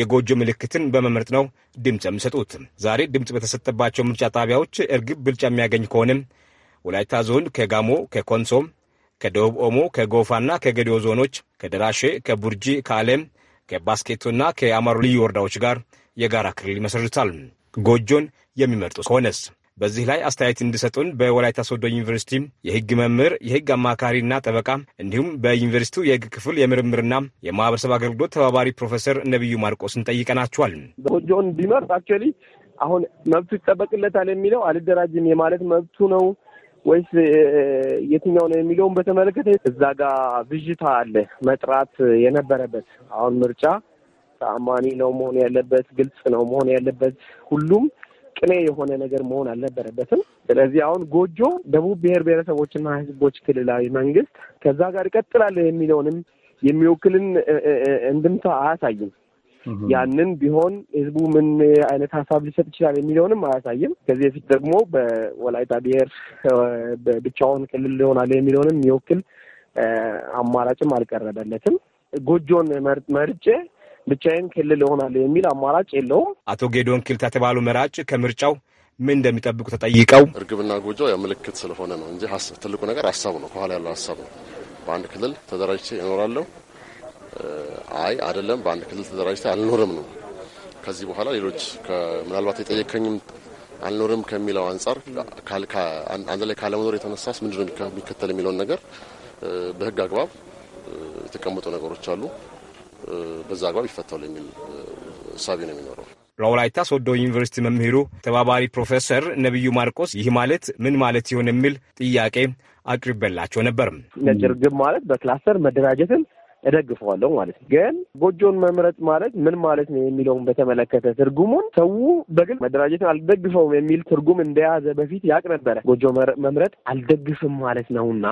የጎጆ ምልክትን በመምረጥ ነው ድምፅ የሚሰጡት። ዛሬ ድምፅ በተሰጠባቸው ምርጫ ጣቢያዎች እርግብ ብልጫ የሚያገኝ ከሆንም ወላይታ ዞን ከጋሞ ከኮንሶም፣ ከደቡብ ኦሞ፣ ከጎፋና ከገዲዮ ዞኖች ከደራሼ፣ ከቡርጂ፣ ከአለም፣ ከባስኬቶና ከአማሮ ልዩ ወረዳዎች ጋር የጋራ ክልል ይመሰርታል። ጎጆን የሚመርጡ ከሆነስ በዚህ ላይ አስተያየት እንዲሰጡን በወላይታ ሶዶ ዩኒቨርሲቲ የህግ መምህር፣ የህግ አማካሪና ጠበቃ እንዲሁም በዩኒቨርሲቲው የህግ ክፍል የምርምርና የማህበረሰብ አገልግሎት ተባባሪ ፕሮፌሰር ነቢዩ ማርቆስን ጠይቀናቸዋል። ቆንጆን ቢመርጥ አክቹዋሊ አሁን መብቱ ይጠበቅለታል የሚለው አልደራጅም የማለት መብቱ ነው ወይስ የትኛው ነው የሚለውን በተመለከተ እዛ ጋር ብዥታ አለ። መጥራት የነበረበት አሁን ምርጫ ተአማኒ ነው መሆን ያለበት፣ ግልጽ ነው መሆን ያለበት። ሁሉም ቅኔ የሆነ ነገር መሆን አልነበረበትም። ስለዚህ አሁን ጎጆ ደቡብ ብሔር ብሔረሰቦችና ሕዝቦች ክልላዊ መንግስት ከዛ ጋር ይቀጥላለሁ የሚለውንም የሚወክልን እንድምታ አያሳይም። ያንን ቢሆን ህዝቡ ምን አይነት ሀሳብ ሊሰጥ ይችላል የሚለውንም አያሳይም። ከዚህ በፊት ደግሞ በወላይታ ብሔር ብቻውን ክልል ይሆናል የሚለውንም የሚወክል አማራጭም አልቀረበለትም። ጎጆን መርጬ ብቻዬን ክልል እሆናለሁ የሚል አማራጭ የለውም። አቶ ጌዶን ክልታ የተባሉ መራጭ ከምርጫው ምን እንደሚጠብቁ ተጠይቀው እርግብና ጎጆ ምልክት ስለሆነ ነው እንጂ ትልቁ ነገር ሀሳብ ነው፣ ከኋላ ያለው ሀሳብ ነው። በአንድ ክልል ተደራጅቼ እኖራለሁ፣ አይ አይደለም፣ በአንድ ክልል ተደራጅቼ አልኖርም ነው። ከዚህ በኋላ ሌሎች ምናልባት የጠየከኝም አልኖርም ከሚለው አንጻር አንድ ላይ ካለመኖር የተነሳስ ምንድነው የሚከተል የሚለውን ነገር በህግ አግባብ የተቀመጡ ነገሮች አሉ። በዛ አግባብ ይፈታሉ የሚል እሳቤ ነው የሚኖረው። ለወላይታ ሶዶ ዩኒቨርሲቲ መምህሩ ተባባሪ ፕሮፌሰር ነቢዩ ማርቆስ ይህ ማለት ምን ማለት ይሆን የሚል ጥያቄ አቅርቤላቸው ነበር። ነጭርግብ ማለት በክላስተር መደራጀትን እደግፈዋለሁ ማለት ነው። ግን ጎጆን መምረጥ ማለት ምን ማለት ነው የሚለውን በተመለከተ ትርጉሙን ሰው በግል መደራጀትን አልደግፈውም የሚል ትርጉም እንደያዘ በፊት ያቅ ነበረ። ጎጆ መምረጥ አልደግፍም ማለት ነውና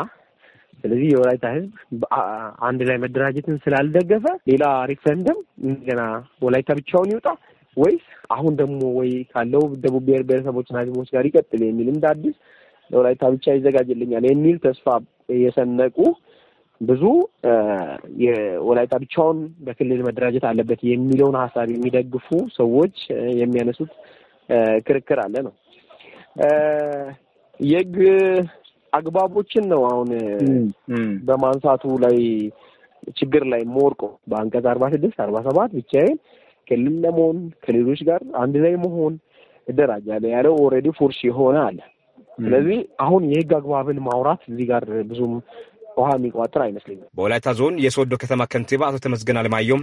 ስለዚህ የወላይታ ህዝብ አንድ ላይ መደራጀትን ስላልደገፈ ሌላ ሪፍረንደም እንደገና ወላይታ ብቻውን ይውጣ ወይስ አሁን ደግሞ ወይ ካለው ደቡብ ብሔር ብሔረሰቦችና ህዝቦች ጋር ይቀጥል የሚል እንደ አዲስ ለወላይታ ብቻ ይዘጋጅልኛል የሚል ተስፋ የሰነቁ ብዙ የወላይታ ብቻውን በክልል መደራጀት አለበት የሚለውን ሀሳብ የሚደግፉ ሰዎች የሚያነሱት ክርክር አለ ነው የህግ አግባቦችን ነው አሁን በማንሳቱ ላይ ችግር ላይ ሞርቆ በአንቀጽ አርባ ስድስት አርባ ሰባት ብቻዬን ክልል ለመሆን ከሌሎች ጋር አንድ ላይ መሆን እደራጃለሁ ያለው ኦልሬዲ ፎርስ የሆነ አለ። ስለዚህ አሁን የህግ አግባብን ማውራት እዚህ ጋር ብዙም ውሃ የሚቋጥር አይመስለኝም። በወላይታ ዞን የሶዶ ከተማ ከንቲባ አቶ ተመስገን አለማየሁም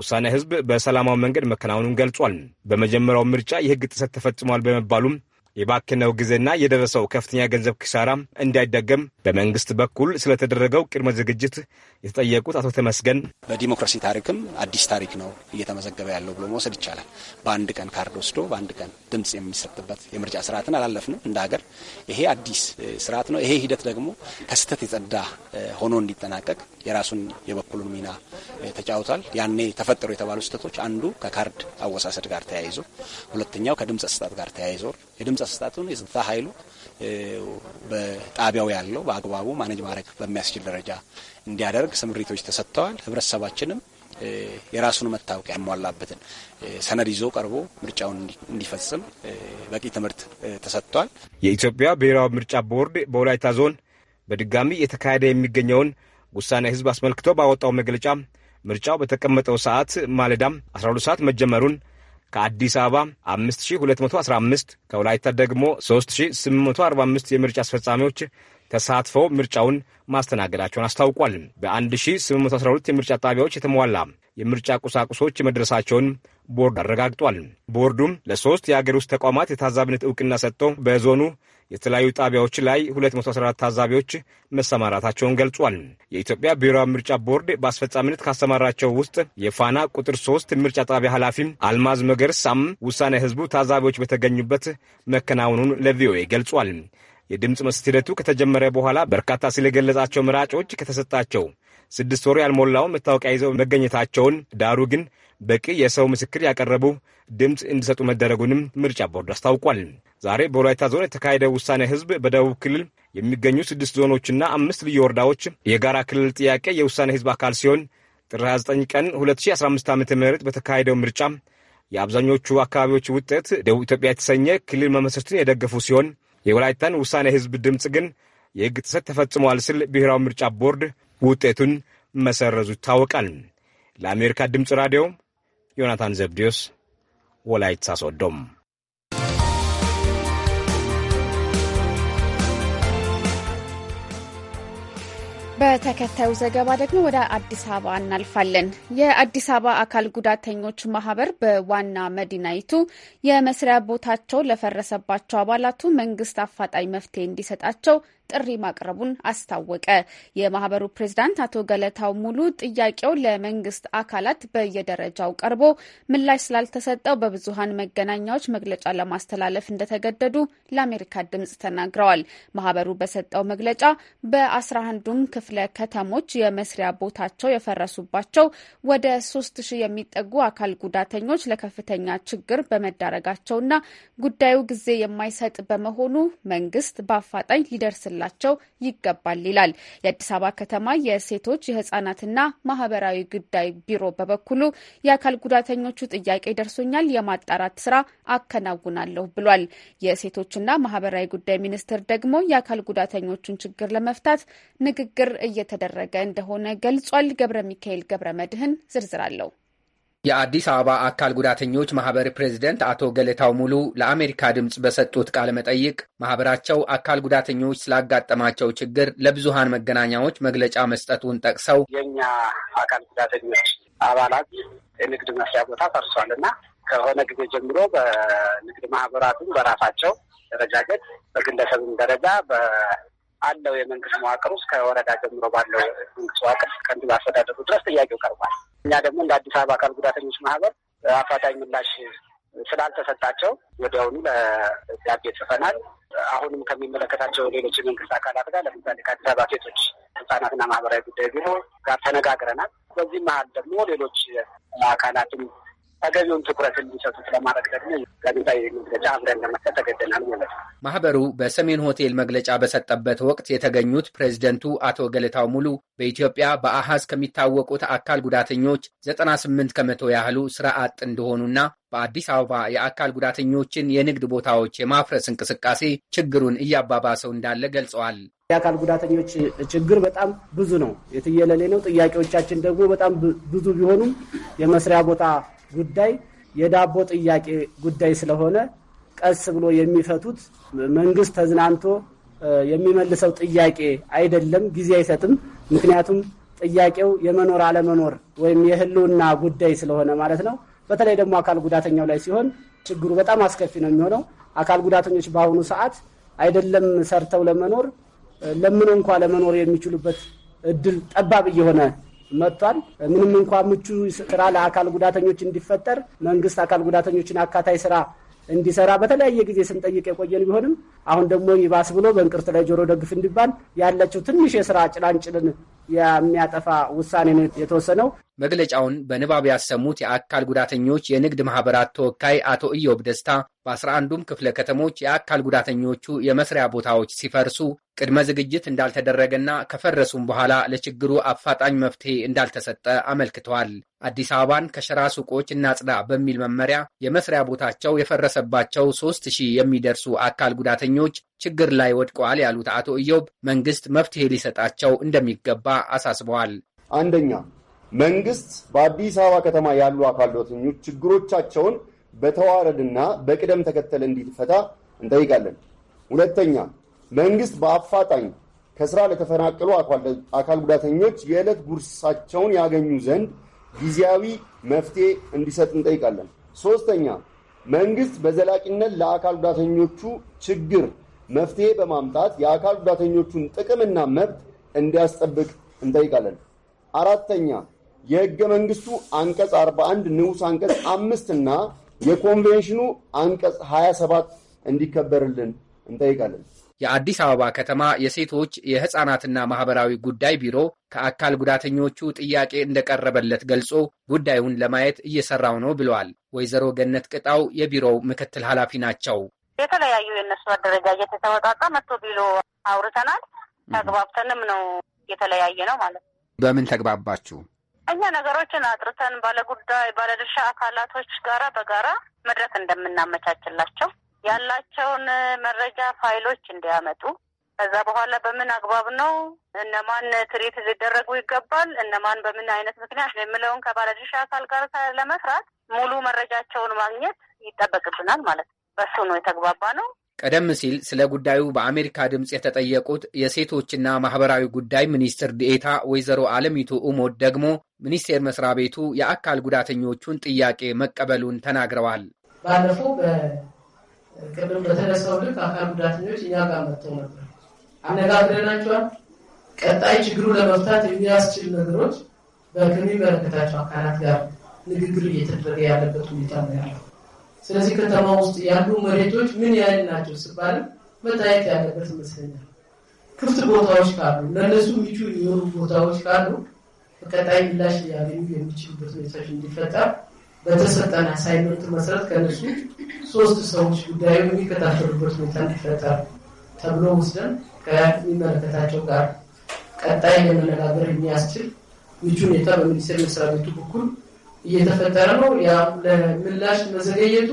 ውሳኔ ህዝብ በሰላማዊ መንገድ መከናወኑን ገልጿል። በመጀመሪያው ምርጫ የህግ ጥሰት ተፈጽሟል በመባሉም የባከነው ጊዜና የደረሰው ከፍተኛ ገንዘብ ኪሳራ እንዳይደገም በመንግስት በኩል ስለተደረገው ቅድመ ዝግጅት የተጠየቁት አቶ ተመስገን በዲሞክራሲ ታሪክም አዲስ ታሪክ ነው እየተመዘገበ ያለው ብሎ መውሰድ ይቻላል። በአንድ ቀን ካርድ ወስዶ በአንድ ቀን ድምፅ የሚሰጥበት የምርጫ ስርዓትን አላለፍንም እንደ ሀገር። ይሄ አዲስ ስርዓት ነው። ይሄ ሂደት ደግሞ ከስህተት የጸዳ ሆኖ እንዲጠናቀቅ የራሱን የበኩሉን ሚና ተጫውቷል። ያኔ ተፈጠሩ የተባሉ ስህተቶች አንዱ ከካርድ አወሳሰድ ጋር ተያይዞ፣ ሁለተኛው ከድምፅ አሰጣጥ ጋር ተያይዞ የድምፅ አስታቱን የጸጥታ ኃይሉ በጣቢያው ያለው በአግባቡ ማነጅ ማድረግ በሚያስችል ደረጃ እንዲያደርግ ስምሪቶች ተሰጥተዋል። ህብረተሰባችንም የራሱን መታወቂያ ያሟላበትን ሰነድ ይዞ ቀርቦ ምርጫውን እንዲፈጽም በቂ ትምህርት ተሰጥቷል። የኢትዮጵያ ብሔራዊ ምርጫ ቦርድ በወላይታ ዞን በድጋሚ የተካሄደ የሚገኘውን ውሳኔ ህዝብ አስመልክቶ ባወጣው መግለጫ ምርጫው በተቀመጠው ሰዓት ማለዳም 12 ሰዓት መጀመሩን ከአዲስ አበባ 5215 ከወላይታ ደግሞ 3845 የምርጫ አስፈጻሚዎች ተሳትፈው ምርጫውን ማስተናገዳቸውን አስታውቋል። በ1812 የምርጫ ጣቢያዎች የተሟላ የምርጫ ቁሳቁሶች መድረሳቸውን ቦርድ አረጋግጧል። ቦርዱም ለሶስት የአገር ውስጥ ተቋማት የታዛቢነት እውቅና ሰጥቶ በዞኑ የተለያዩ ጣቢያዎች ላይ 214 ታዛቢዎች መሰማራታቸውን ገልጿል። የኢትዮጵያ ብሔራዊ ምርጫ ቦርድ በአስፈጻሚነት ካሰማራቸው ውስጥ የፋና ቁጥር 3 ምርጫ ጣቢያ ኃላፊ አልማዝ መገርሳም ውሳኔ ህዝቡ ታዛቢዎች በተገኙበት መከናወኑን ለቪኦኤ ገልጿል። የድምፅ መስጠት ሂደቱ ከተጀመረ በኋላ በርካታ ስለገለጻቸው መራጮች ከተሰጣቸው ስድስት ወሩ ያልሞላው መታወቂያ ይዘው መገኘታቸውን ዳሩ ግን በቂ የሰው ምስክር ያቀረቡ ድምፅ እንዲሰጡ መደረጉንም ምርጫ ቦርድ አስታውቋል። ዛሬ በወላይታ ዞን የተካሄደው ውሳኔ ህዝብ በደቡብ ክልል የሚገኙ ስድስት ዞኖችና አምስት ልዩ ወረዳዎች የጋራ ክልል ጥያቄ የውሳኔ ህዝብ አካል ሲሆን ጥር 29 ቀን 2015 ዓ ም በተካሄደው ምርጫ የአብዛኞቹ አካባቢዎች ውጤት ደቡብ ኢትዮጵያ የተሰኘ ክልል መመስረትን የደገፉ ሲሆን የወላይታን ውሳኔ ህዝብ ድምፅ ግን የህግ ጥሰት ተፈጽሟል ሲል ብሔራዊ ምርጫ ቦርድ ውጤቱን መሰረዙ ይታወቃል። ለአሜሪካ ድምፅ ራዲዮ ዮናታን ዘብዲዮስ ወላይታ ሶዶም በተከታዩ ዘገባ ደግሞ ወደ አዲስ አበባ እናልፋለን። የአዲስ አበባ አካል ጉዳተኞች ማህበር በዋና መዲናይቱ የመስሪያ ቦታቸው ለፈረሰባቸው አባላቱ መንግስት አፋጣኝ መፍትሄ እንዲሰጣቸው ጥሪ ማቅረቡን አስታወቀ። የማህበሩ ፕሬዝዳንት አቶ ገለታው ሙሉ ጥያቄው ለመንግስት አካላት በየደረጃው ቀርቦ ምላሽ ስላልተሰጠው በብዙሀን መገናኛዎች መግለጫ ለማስተላለፍ እንደተገደዱ ለአሜሪካ ድምጽ ተናግረዋል። ማህበሩ በሰጠው መግለጫ በአስራ አንዱም ክፍለ ከተሞች የመስሪያ ቦታቸው የፈረሱባቸው ወደ ሶስት ሺህ የሚጠጉ አካል ጉዳተኞች ለከፍተኛ ችግር በመዳረጋቸውና ጉዳዩ ጊዜ የማይሰጥ በመሆኑ መንግስት በአፋጣኝ ሊደርስላቸው ሊሰራላቸው ይገባል ይላል። የአዲስ አበባ ከተማ የሴቶች የህጻናትና ማህበራዊ ጉዳይ ቢሮ በበኩሉ የአካል ጉዳተኞቹ ጥያቄ ደርሶኛል የማጣራት ስራ አከናውናለሁ ብሏል። የሴቶችና ማህበራዊ ጉዳይ ሚኒስቴር ደግሞ የአካል ጉዳተኞቹን ችግር ለመፍታት ንግግር እየተደረገ እንደሆነ ገልጿል። ገብረ ሚካኤል ገብረ መድህን ዝርዝር አለው። የአዲስ አበባ አካል ጉዳተኞች ማህበር ፕሬዚደንት አቶ ገለታው ሙሉ ለአሜሪካ ድምፅ በሰጡት ቃለ መጠይቅ ማህበራቸው አካል ጉዳተኞች ስላጋጠማቸው ችግር ለብዙሃን መገናኛዎች መግለጫ መስጠቱን ጠቅሰው የእኛ አካል ጉዳተኞች አባላት የንግድ መስሪያ ቦታ ፈርሷል እና ከሆነ ጊዜ ጀምሮ በንግድ ማህበራቱም በራሳቸው ደረጃ ገድ በግለሰብም ደረጃ አለው የመንግስት መዋቅር ውስጥ ከወረዳ ጀምሮ ባለው መንግስት መዋቅር ከንቲባ አስተዳደሩ ድረስ ጥያቄው ቀርቧል። እኛ ደግሞ እንደ አዲስ አበባ አካል ጉዳተኞች ማህበር አፋጣኝ ምላሽ ስላልተሰጣቸው ወዲያውኑ ለዳቤ ጽፈናል። አሁንም ከሚመለከታቸው ሌሎች የመንግስት አካላት ጋር ለምሳሌ ከአዲስ አበባ ሴቶች ህጻናትና ማህበራዊ ጉዳይ ቢሮ ጋር ተነጋግረናል። በዚህ መሀል ደግሞ ሌሎች አካላትም ተገቢውን ትኩረት እንዲሰጡት ለማድረግ ደግሞ ጋዜጣዊ መግለጫ አብረን ለመስጠት ተገደናል ማለት ነው። ማህበሩ በሰሜን ሆቴል መግለጫ በሰጠበት ወቅት የተገኙት ፕሬዚደንቱ አቶ ገለታው ሙሉ በኢትዮጵያ በአሃዝ ከሚታወቁት አካል ጉዳተኞች 98 ከመቶ ያህሉ ስራ አጥ እንደሆኑና በአዲስ አበባ የአካል ጉዳተኞችን የንግድ ቦታዎች የማፍረስ እንቅስቃሴ ችግሩን እያባባሰው እንዳለ ገልጸዋል። የአካል ጉዳተኞች ችግር በጣም ብዙ ነው፣ የትየለሌ ነው። ጥያቄዎቻችን ደግሞ በጣም ብዙ ቢሆኑም የመስሪያ ቦታ ጉዳይ የዳቦ ጥያቄ ጉዳይ ስለሆነ ቀስ ብሎ የሚፈቱት መንግስት ተዝናንቶ የሚመልሰው ጥያቄ አይደለም፣ ጊዜ አይሰጥም። ምክንያቱም ጥያቄው የመኖር አለመኖር ወይም የህልውና ጉዳይ ስለሆነ ማለት ነው። በተለይ ደግሞ አካል ጉዳተኛው ላይ ሲሆን ችግሩ በጣም አስከፊ ነው የሚሆነው። አካል ጉዳተኞች በአሁኑ ሰዓት አይደለም ሰርተው ለመኖር ለምኖ እንኳ ለመኖር የሚችሉበት እድል ጠባብ እየሆነ መጥቷል። ምንም እንኳ ምቹ ስራ ለአካል ጉዳተኞች እንዲፈጠር መንግስት አካል ጉዳተኞችን አካታይ ስራ እንዲሰራ በተለያየ ጊዜ ስንጠይቅ የቆየን ቢሆንም አሁን ደግሞ ይባስ ብሎ በእንቅርት ላይ ጆሮ ደግፍ እንዲባል ያለችው ትንሽ የስራ ጭላንጭልን የሚያጠፋ ውሳኔ ነው የተወሰነው። መግለጫውን በንባብ ያሰሙት የአካል ጉዳተኞች የንግድ ማህበራት ተወካይ አቶ ኢዮብ ደስታ በአስራ አንዱም ክፍለ ከተሞች የአካል ጉዳተኞቹ የመስሪያ ቦታዎች ሲፈርሱ ቅድመ ዝግጅት እንዳልተደረገና ከፈረሱም በኋላ ለችግሩ አፋጣኝ መፍትሄ እንዳልተሰጠ አመልክተዋል። አዲስ አበባን ከሸራ ሱቆች እናጽዳ በሚል መመሪያ የመስሪያ ቦታቸው የፈረሰባቸው ሶስት ሺህ የሚደርሱ አካል ጉዳተኞች ችግር ላይ ወድቀዋል ያሉት አቶ ኢዮብ መንግስት መፍትሄ ሊሰጣቸው እንደሚገባ አሳስበዋል። አንደኛ መንግስት በአዲስ አበባ ከተማ ያሉ አካል ጉዳተኞች ችግሮቻቸውን በተዋረድና በቅደም ተከተል እንዲፈታ እንጠይቃለን። ሁለተኛ መንግስት በአፋጣኝ ከስራ ለተፈናቀሉ አካል ጉዳተኞች የዕለት ጉርሳቸውን ያገኙ ዘንድ ጊዜያዊ መፍትሄ እንዲሰጥ እንጠይቃለን። ሶስተኛ መንግስት በዘላቂነት ለአካል ጉዳተኞቹ ችግር መፍትሄ በማምጣት የአካል ጉዳተኞቹን ጥቅምና መብት እንዲያስጠብቅ እንጠይቃለን። አራተኛ የህገ መንግስቱ አንቀጽ 41 ንዑስ አንቀጽ አምስት እና የኮንቬንሽኑ አንቀጽ 27 እንዲከበርልን እንጠይቃለን። የአዲስ አበባ ከተማ የሴቶች የህፃናትና ማህበራዊ ጉዳይ ቢሮ ከአካል ጉዳተኞቹ ጥያቄ እንደቀረበለት ገልጾ ጉዳዩን ለማየት እየሰራው ነው ብለዋል። ወይዘሮ ገነት ቅጣው የቢሮው ምክትል ኃላፊ ናቸው። የተለያዩ የእነሱ አደረጃጀት የተወጣጣ መቶ ቢሎ አውርተናል። ተግባብተንም ነው የተለያየ ነው ማለት ነው። በምን ተግባባችሁ? እኛ ነገሮችን አጥርተን ባለጉዳይ ባለድርሻ አካላቶች ጋራ በጋራ መድረክ እንደምናመቻችላቸው ያላቸውን መረጃ ፋይሎች እንዲያመጡ ከዛ በኋላ በምን አግባብ ነው እነማን ትርኢት ሊደረጉ ይገባል እነማን በምን አይነት ምክንያት የምለውን ከባለድርሻ አካል ጋር ለመስራት ሙሉ መረጃቸውን ማግኘት ይጠበቅብናል ማለት ነው። በሱ ነው የተግባባ ነው። ቀደም ሲል ስለ ጉዳዩ በአሜሪካ ድምፅ የተጠየቁት የሴቶችና ማህበራዊ ጉዳይ ሚኒስትር ዲኤታ ወይዘሮ አለሚቱ ኡሞድ ደግሞ ሚኒስቴር መስሪያ ቤቱ የአካል ጉዳተኞቹን ጥያቄ መቀበሉን ተናግረዋል። ባለፈው በቅድም በተነሳው ልክ አካል ጉዳተኞች እኛ ጋር መጥተው ነበር፣ አነጋግረናቸዋል። ቀጣይ ችግሩ ለመፍታት የሚያስችል ነገሮች ከሚመለከታቸው አካላት ጋር ንግግር እየተደረገ ያለበት ሁኔታ ነው ያለው። ስለዚህ ከተማ ውስጥ ያሉ መሬቶች ምን ያህል ናቸው ስባል መታየት ያለበት ይመስለኛል። ክፍት ቦታዎች ካሉ ለእነሱ ምቹ የሆኑ ቦታዎች ካሉ በቀጣይ ምላሽ ሊያገኙ የሚችሉበት ሁኔታዎች እንዲፈጠር በተሰጠን አሳይመንት መሰረት ከነሱ ሶስት ሰዎች ጉዳዩ የሚከታተሉበት ሁኔታ እንዲፈጠር ተብሎ ወስደን ከሚመለከታቸው ጋር ቀጣይ ለመነጋገር የሚያስችል ምቹ ሁኔታ በሚኒስቴር መስሪያ ቤቱ በኩል እየተፈጠረ ነው። ያ ለምላሽ መዘገየቱ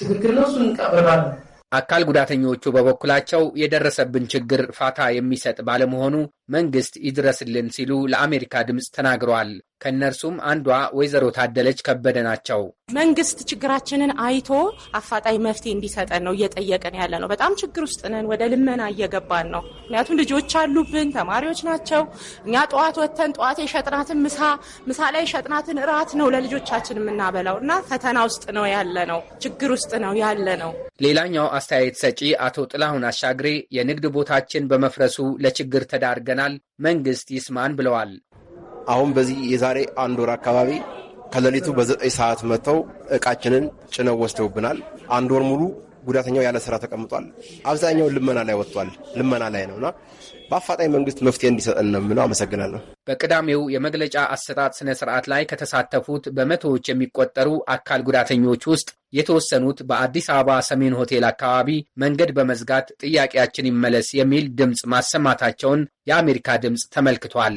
ትክክል ነው። እሱን እንቀበላለን። አካል ጉዳተኞቹ በበኩላቸው የደረሰብን ችግር ፋታ የሚሰጥ ባለመሆኑ መንግስት ይድረስልን ሲሉ ለአሜሪካ ድምፅ ተናግረዋል። ከእነርሱም አንዷ ወይዘሮ ታደለች ከበደ ናቸው። መንግስት ችግራችንን አይቶ አፋጣኝ መፍትሄ እንዲሰጠን ነው እየጠየቅን ያለ ነው። በጣም ችግር ውስጥ ነን። ወደ ልመና እየገባን ነው። ምክንያቱም ልጆች አሉብን፣ ተማሪዎች ናቸው። እኛ ጠዋት ወጥተን ጠዋት የሸጥናትን ምሳ፣ ምሳ ላይ የሸጥናትን እራት ነው ለልጆቻችን የምናበላው እና ፈተና ውስጥ ነው ያለ ነው። ችግር ውስጥ ነው ያለ ነው። ሌላኛው አስተያየት ሰጪ አቶ ጥላሁን አሻግሬ የንግድ ቦታችን በመፍረሱ ለችግር ተዳርገናል፣ መንግስት ይስማን ብለዋል። አሁን በዚህ የዛሬ አንድ ወር አካባቢ ከሌሊቱ በዘጠኝ ሰዓት መጥተው እቃችንን ጭነው ወስደውብናል። አንድ ወር ሙሉ ጉዳተኛው ያለ ስራ ተቀምጧል። አብዛኛው ልመና ላይ ወጥቷል። ልመና ላይ ነውና በአፋጣኝ መንግስት መፍትሄ እንዲሰጠን ነው የምለው። አመሰግናለሁ። በቅዳሜው የመግለጫ አሰጣጥ ስነ ስርዓት ላይ ከተሳተፉት በመቶዎች የሚቆጠሩ አካል ጉዳተኞች ውስጥ የተወሰኑት በአዲስ አበባ ሰሜን ሆቴል አካባቢ መንገድ በመዝጋት ጥያቄያችን ይመለስ የሚል ድምፅ ማሰማታቸውን የአሜሪካ ድምፅ ተመልክቷል።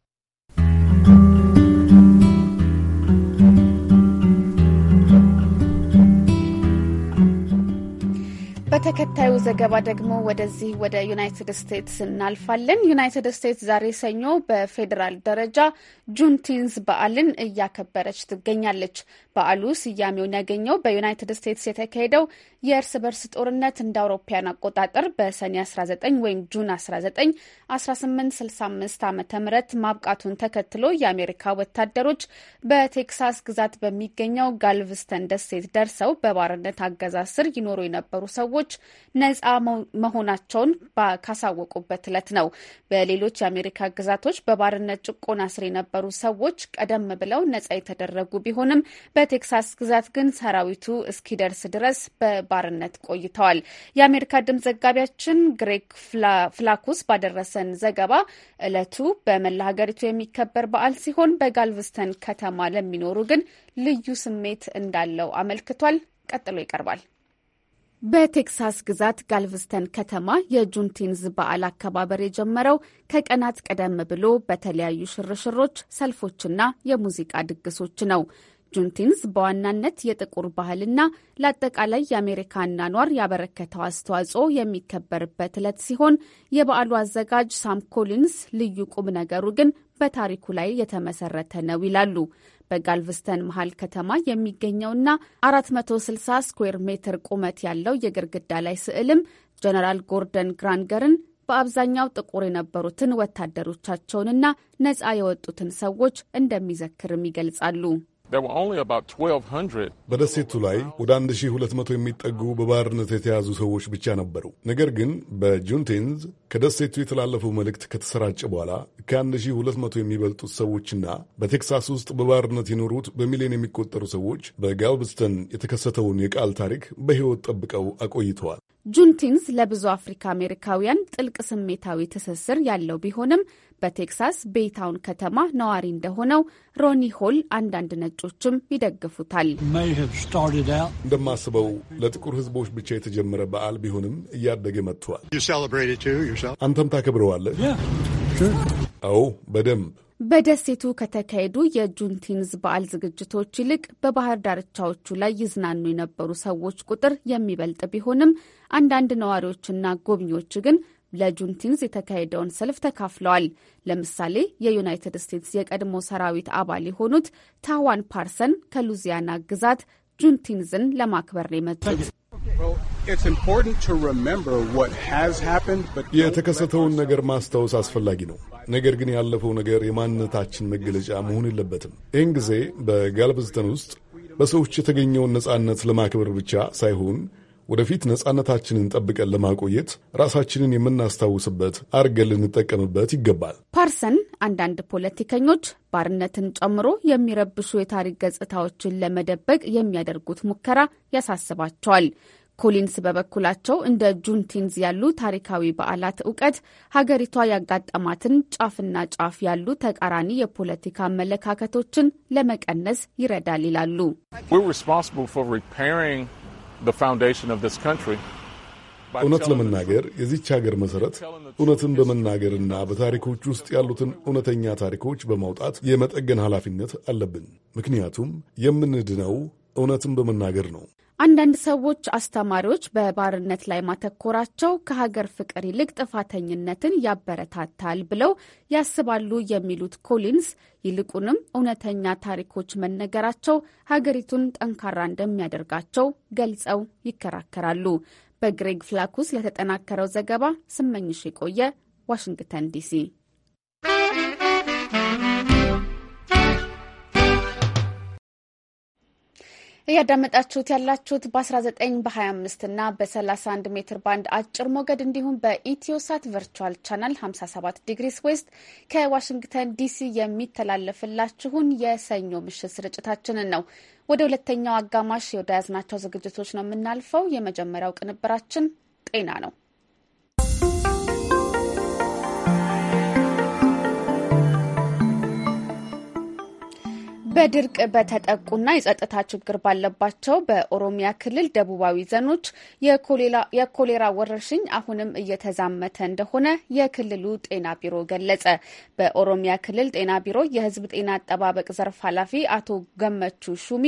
በተከታዩ ዘገባ ደግሞ ወደዚህ ወደ ዩናይትድ ስቴትስ እናልፋለን። ዩናይትድ ስቴትስ ዛሬ ሰኞ በፌዴራል ደረጃ ጁንቲንስ በዓልን እያከበረች ትገኛለች። በዓሉ ስያሜውን ያገኘው በዩናይትድ ስቴትስ የተካሄደው የእርስ በርስ ጦርነት እንደ አውሮፓያን አቆጣጠር በሰኔ 19 ወይም ጁን 19 1865 ዓ ም ማብቃቱን ተከትሎ የአሜሪካ ወታደሮች በቴክሳስ ግዛት በሚገኘው ጋልቭስተን ደሴት ደርሰው በባርነት አገዛዝ ስር ይኖሩ የነበሩ ሰዎች ሰዎች ነጻ መሆናቸውን ካሳወቁበት እለት ነው። በሌሎች የአሜሪካ ግዛቶች በባርነት ጭቆና ስር የነበሩ ሰዎች ቀደም ብለው ነጻ የተደረጉ ቢሆንም በቴክሳስ ግዛት ግን ሰራዊቱ እስኪደርስ ድረስ በባርነት ቆይተዋል። የአሜሪካ ድም ዘጋቢያችን ግሬግ ፍላኩስ ባደረሰን ዘገባ እለቱ በመላ ሀገሪቱ የሚከበር በዓል ሲሆን በጋልቭስተን ከተማ ለሚኖሩ ግን ልዩ ስሜት እንዳለው አመልክቷል። ቀጥሎ ይቀርባል። በቴክሳስ ግዛት ጋልቭስተን ከተማ የጁንቲንዝ በዓል አከባበር የጀመረው ከቀናት ቀደም ብሎ በተለያዩ ሽርሽሮች፣ ሰልፎችና የሙዚቃ ድግሶች ነው። ጁንቲንዝ በዋናነት የጥቁር ባህልና ለአጠቃላይ የአሜሪካ አኗኗር ያበረከተው አስተዋጽኦ የሚከበርበት ዕለት ሲሆን የበዓሉ አዘጋጅ ሳም ኮሊንስ ልዩ ቁም ነገሩ ግን በታሪኩ ላይ የተመሰረተ ነው ይላሉ። በጋልቭስተን መሀል ከተማ የሚገኘውና 460 ስኩዌር ሜትር ቁመት ያለው የግርግዳ ላይ ስዕልም ጀነራል ጎርደን ግራንገርን በአብዛኛው ጥቁር የነበሩትን ወታደሮቻቸውንና ነፃ የወጡትን ሰዎች እንደሚዘክርም ይገልጻሉ። በደሴቱ ላይ ወደ 1200 የሚጠጉ በባርነት የተያዙ ሰዎች ብቻ ነበሩ። ነገር ግን በጁንቴንዝ ከደሴቱ የተላለፈው መልእክት ከተሰራጨ በኋላ ከ1200 የሚበልጡት ሰዎችና በቴክሳስ ውስጥ በባርነት የኖሩት በሚሊዮን የሚቆጠሩ ሰዎች በጋብስተን የተከሰተውን የቃል ታሪክ በሕይወት ጠብቀው አቆይተዋል። ጁንቲንዝ ለብዙ አፍሪካ አሜሪካውያን ጥልቅ ስሜታዊ ትስስር ያለው ቢሆንም በቴክሳስ ቤታውን ከተማ ነዋሪ እንደሆነው ሮኒ ሆል አንዳንድ ነጮችም ይደግፉታል። እንደማስበው ለጥቁር ሕዝቦች ብቻ የተጀመረ በዓል ቢሆንም እያደገ መጥቷል። አንተም ታከብረዋለህ? አዎ፣ በደንብ በደሴቱ ከተካሄዱ የጁንቲንዝ በዓል ዝግጅቶች ይልቅ በባህር ዳርቻዎቹ ላይ ይዝናኑ የነበሩ ሰዎች ቁጥር የሚበልጥ ቢሆንም አንዳንድ ነዋሪዎችና ጎብኚዎች ግን ለጁንቲንዝ የተካሄደውን ሰልፍ ተካፍለዋል። ለምሳሌ የዩናይትድ ስቴትስ የቀድሞ ሰራዊት አባል የሆኑት ታዋን ፓርሰን ከሉዚያና ግዛት ጁንቲንዝን ለማክበር ነው የመጡት። የተከሰተውን ነገር ማስታወስ አስፈላጊ ነው። ነገር ግን ያለፈው ነገር የማንነታችን መገለጫ መሆን የለበትም። ይህን ጊዜ በጋልብዝተን ውስጥ በሰዎች የተገኘውን ነጻነት ለማክበር ብቻ ሳይሆን ወደፊት ነጻነታችንን ጠብቀን ለማቆየት ራሳችንን የምናስታውስበት አድርገን ልንጠቀምበት ይገባል። ፓርሰን አንዳንድ ፖለቲከኞች ባርነትን ጨምሮ የሚረብሹ የታሪክ ገጽታዎችን ለመደበቅ የሚያደርጉት ሙከራ ያሳስባቸዋል። ኮሊንስ በበኩላቸው እንደ ጁንቲንዝ ያሉ ታሪካዊ በዓላት እውቀት ሀገሪቷ ያጋጠማትን ጫፍና ጫፍ ያሉ ተቃራኒ የፖለቲካ አመለካከቶችን ለመቀነስ ይረዳል ይላሉ። እውነት ለመናገር የዚች ሀገር መሠረት እውነትን በመናገርና በታሪኮች ውስጥ ያሉትን እውነተኛ ታሪኮች በማውጣት የመጠገን ኃላፊነት አለብን። ምክንያቱም የምንድነው እውነትን በመናገር ነው። አንዳንድ ሰዎች አስተማሪዎች በባርነት ላይ ማተኮራቸው ከሀገር ፍቅር ይልቅ ጥፋተኝነትን ያበረታታል ብለው ያስባሉ የሚሉት ኮሊንስ ይልቁንም እውነተኛ ታሪኮች መነገራቸው ሀገሪቱን ጠንካራ እንደሚያደርጋቸው ገልጸው ይከራከራሉ። በግሬግ ፍላኩስ ለተጠናከረው ዘገባ ስመኝሽ የቆየ ዋሽንግተን ዲሲ። እያዳመጣችሁት ያላችሁት በ19 በ25 እና በ31 ሜትር ባንድ አጭር ሞገድ እንዲሁም በኢትዮሳት ቨርቹዋል ቻናል 57 ዲግሪስ ዌስት ከዋሽንግተን ዲሲ የሚተላለፍላችሁን የሰኞ ምሽት ስርጭታችንን ነው። ወደ ሁለተኛው አጋማሽ ወደ ያዝናቸው ዝግጅቶች ነው የምናልፈው። የመጀመሪያው ቅንብራችን ጤና ነው። በድርቅ በተጠቁና የጸጥታ ችግር ባለባቸው በኦሮሚያ ክልል ደቡባዊ ዘኖች የኮሌራ ወረርሽኝ አሁንም እየተዛመተ እንደሆነ የክልሉ ጤና ቢሮ ገለጸ። በኦሮሚያ ክልል ጤና ቢሮ የሕዝብ ጤና አጠባበቅ ዘርፍ ኃላፊ አቶ ገመቹ ሹሚ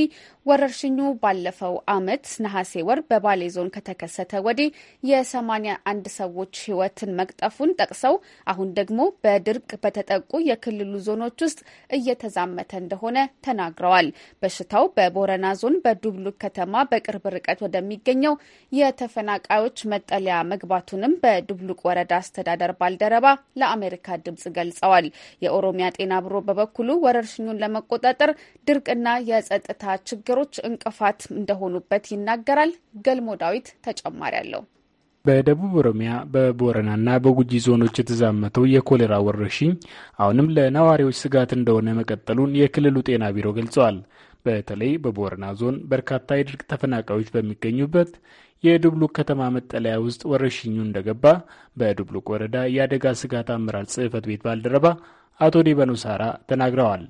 ወረርሽኙ ባለፈው ዓመት ነሐሴ ወር በባሌ ዞን ከተከሰተ ወዲህ የ81 ሰዎች ሕይወትን መቅጠፉን ጠቅሰው አሁን ደግሞ በድርቅ በተጠቁ የክልሉ ዞኖች ውስጥ እየተዛመተ እንደሆነ ተናግረዋል። በሽታው በቦረና ዞን በዱብሉቅ ከተማ በቅርብ ርቀት ወደሚገኘው የተፈናቃዮች መጠለያ መግባቱንም በዱብሉቅ ወረዳ አስተዳደር ባልደረባ ለአሜሪካ ድምጽ ገልጸዋል። የኦሮሚያ ጤና ቢሮ በበኩሉ ወረርሽኙን ለመቆጣጠር ድርቅና የጸጥታ ችግሮች እንቅፋት እንደሆኑበት ይናገራል። ገልሞ ዳዊት ተጨማሪ አለው። በደቡብ ኦሮሚያ በቦረናና በጉጂ ዞኖች የተዛመተው የኮሌራ ወረርሽኝ አሁንም ለነዋሪዎች ስጋት እንደሆነ መቀጠሉን የክልሉ ጤና ቢሮ ገልጸዋል። በተለይ በቦረና ዞን በርካታ የድርቅ ተፈናቃዮች በሚገኙበት የዱብሉቅ ከተማ መጠለያ ውስጥ ወረርሽኙ እንደገባ በዱብሉቅ ወረዳ የአደጋ ስጋት አመራር ጽህፈት ቤት ባልደረባ አቶ ዲበኑ ሳራ ተናግረዋል።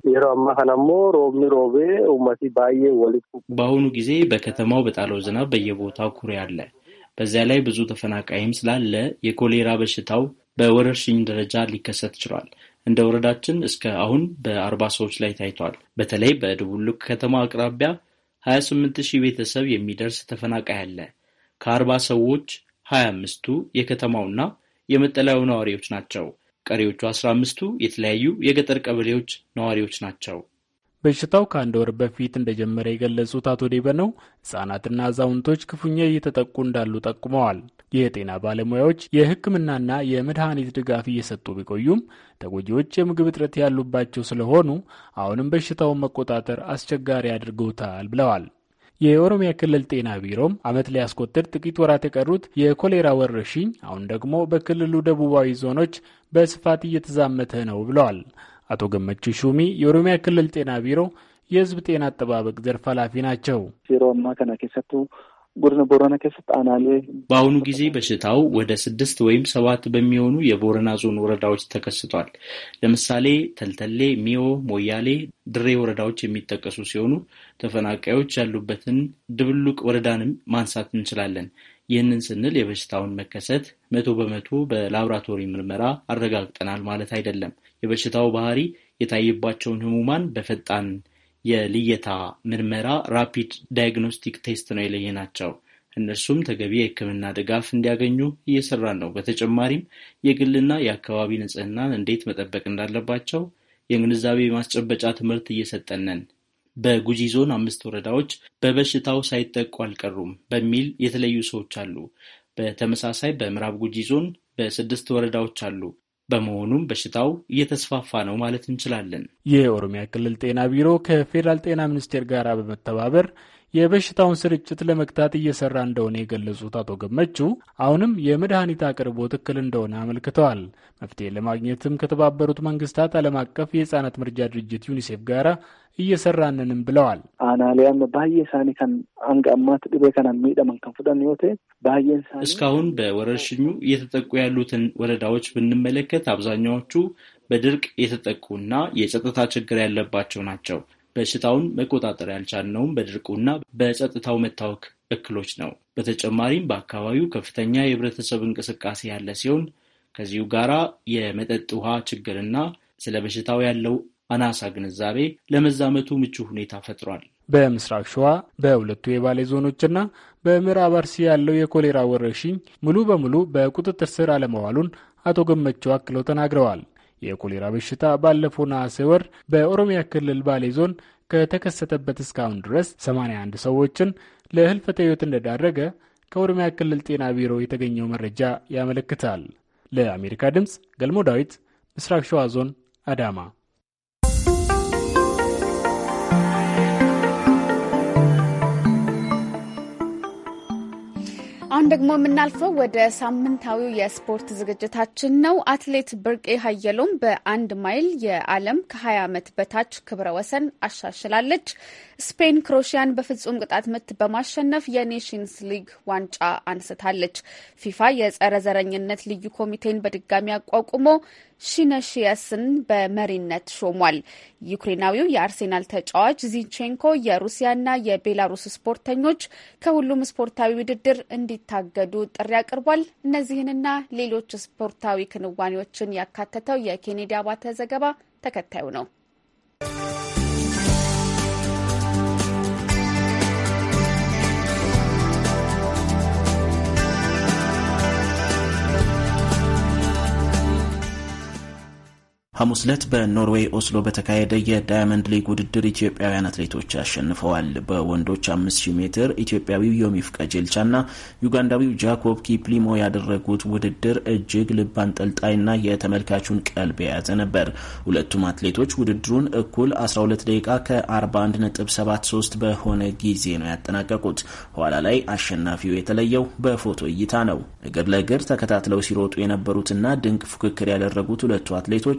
በአሁኑ ጊዜ በከተማው በጣለው ዝናብ በየቦታው ኩሬ አለ። በዚያ ላይ ብዙ ተፈናቃይም ስላለ የኮሌራ በሽታው በወረርሽኝ ደረጃ ሊከሰት ችሏል። እንደ ወረዳችን እስከ አሁን በአርባ ሰዎች ላይ ታይቷል። በተለይ ልክ ከተማ አቅራቢያ 28 ሺህ ቤተሰብ የሚደርስ ተፈናቃይ አለ። ከአርባ ሰዎች 25ቱ የከተማውና የመጠለያው ነዋሪዎች ናቸው። ቀሪዎቹ 15ቱ የተለያዩ የገጠር ቀበሌዎች ነዋሪዎች ናቸው። በሽታው ከአንድ ወር በፊት እንደጀመረ የገለጹት አቶ ነው ህጻናትና አዛውንቶች ክፉኛ እየተጠቁ እንዳሉ ጠቁመዋል። የጤና ባለሙያዎች የሕክምናና የመድኃኒት ድጋፍ እየሰጡ ቢቆዩም ተጎጂዎች የምግብ እጥረት ያሉባቸው ስለሆኑ አሁንም በሽታውን መቆጣጠር አስቸጋሪ አድርገውታል ብለዋል። የኦሮሚያ ክልል ጤና ቢሮም ዓመት ሊያስቆጥር ጥቂት ወራት የቀሩት የኮሌራ ወረርሽኝ አሁን ደግሞ በክልሉ ደቡባዊ ዞኖች በስፋት እየተዛመተ ነው ብለዋል። አቶ ገመች ሹሚ የኦሮሚያ ክልል ጤና ቢሮ የህዝብ ጤና አጠባበቅ ዘርፍ ኃላፊ ናቸው። በአሁኑ ጊዜ በሽታው ወደ ስድስት ወይም ሰባት በሚሆኑ የቦረና ዞን ወረዳዎች ተከስቷል። ለምሳሌ ተልተሌ፣ ሚዮ፣ ሞያሌ፣ ድሬ ወረዳዎች የሚጠቀሱ ሲሆኑ ተፈናቃዮች ያሉበትን ድብሉቅ ወረዳንም ማንሳት እንችላለን። ይህንን ስንል የበሽታውን መከሰት መቶ በመቶ በላብራቶሪ ምርመራ አረጋግጠናል ማለት አይደለም። የበሽታው ባህሪ የታየባቸውን ህሙማን በፈጣን የልየታ ምርመራ ራፒድ ዳያግኖስቲክ ቴስት ነው ናቸው። እነርሱም ተገቢ የህክምና ድጋፍ እንዲያገኙ እየሰራን ነው። በተጨማሪም የግልና የአካባቢ ንጽህናን እንዴት መጠበቅ እንዳለባቸው የግንዛቤ ማስጨበጫ ትምህርት እየሰጠነን በጉጂ ዞን አምስት ወረዳዎች በበሽታው ሳይጠቁ አልቀሩም በሚል የተለዩ ሰዎች አሉ። በተመሳሳይ በምዕራብ ጉጂ ዞን በስድስት ወረዳዎች አሉ በመሆኑም በሽታው እየተስፋፋ ነው ማለት እንችላለን። የኦሮሚያ ክልል ጤና ቢሮ ከፌዴራል ጤና ሚኒስቴር ጋር በመተባበር የበሽታውን ስርጭት ለመግታት እየሰራ እንደሆነ የገለጹት አቶ ገመቹ አሁንም የመድኃኒት አቅርቦት እክል እንደሆነ አመልክተዋል። መፍትሄ ለማግኘትም ከተባበሩት መንግስታት ዓለም አቀፍ የህጻናት መርጃ ድርጅት ዩኒሴፍ ጋር እየሰራንንም ብለዋል። አናሊያም ባየ ሳኒ ከን አንጋማት ድቤ ከን ሚደመን ከንፍጠን ወቴ ባየን ሳኒ እስካሁን በወረርሽኙ እየተጠቁ ያሉትን ወረዳዎች ብንመለከት አብዛኛዎቹ በድርቅ የተጠቁና የጸጥታ ችግር ያለባቸው ናቸው። በሽታውን መቆጣጠር ያልቻልነውም በድርቁና በጸጥታው መታወክ እክሎች ነው። በተጨማሪም በአካባቢው ከፍተኛ የህብረተሰብ እንቅስቃሴ ያለ ሲሆን ከዚሁ ጋራ የመጠጥ ውሃ ችግርና ስለ በሽታው ያለው አናሳ ግንዛቤ ለመዛመቱ ምቹ ሁኔታ ፈጥሯል። በምስራቅ ሸዋ በሁለቱ የባሌ ዞኖችና በምዕራብ አርሲ ያለው የኮሌራ ወረርሽኝ ሙሉ በሙሉ በቁጥጥር ስር አለመዋሉን አቶ ገመቸው አክለው ተናግረዋል። የኮሌራ በሽታ ባለፈው ነሐሴ ወር በኦሮሚያ ክልል ባሌ ዞን ከተከሰተበት እስካሁን ድረስ 81 ሰዎችን ለህልፈተ ህይወት እንደዳረገ ከኦሮሚያ ክልል ጤና ቢሮ የተገኘው መረጃ ያመለክታል። ለአሜሪካ ድምፅ ገልሞ ዳዊት ምስራቅ ሸዋ ዞን አዳማ አሁን ደግሞ የምናልፈው ወደ ሳምንታዊው የስፖርት ዝግጅታችን ነው። አትሌት ብርቄ ሀየሎም በአንድ ማይል የዓለም ከ20 ዓመት በታች ክብረ ወሰን አሻሽላለች። ስፔን ክሮሺያን በፍጹም ቅጣት ምት በማሸነፍ የኔሽንስ ሊግ ዋንጫ አንስታለች። ፊፋ የጸረ ዘረኝነት ልዩ ኮሚቴን በድጋሚ አቋቁሞ ሺነሺየስን በመሪነት ሾሟል። ዩክሬናዊው የአርሴናል ተጫዋች ዚንቼንኮ የሩሲያና የቤላሩስ ስፖርተኞች ከሁሉም ስፖርታዊ ውድድር እንዲታገዱ ጥሪ አቅርቧል። እነዚህንና ሌሎች ስፖርታዊ ክንዋኔዎችን ያካተተው የኬኔዲ አባተ ዘገባ ተከታዩ ነው። ሐሙስ ዕለት በኖርዌይ ኦስሎ በተካሄደ የዳያመንድ ሊግ ውድድር ኢትዮጵያውያን አትሌቶች አሸንፈዋል። በወንዶች 5000 ሜትር ኢትዮጵያዊው ዮሚፍ ቀጀልቻና ዩጋንዳዊው ጃኮብ ኪፕሊሞ ያደረጉት ውድድር እጅግ ልብ አንጠልጣይና የተመልካቹን ቀልብ የያዘ ነበር። ሁለቱም አትሌቶች ውድድሩን እኩል 12 ደቂቃ ከ41.73 በሆነ ጊዜ ነው ያጠናቀቁት። ኋላ ላይ አሸናፊው የተለየው በፎቶ እይታ ነው። እግር ለእግር ተከታትለው ሲሮጡ የነበሩትና ድንቅ ፉክክር ያደረጉት ሁለቱ አትሌቶች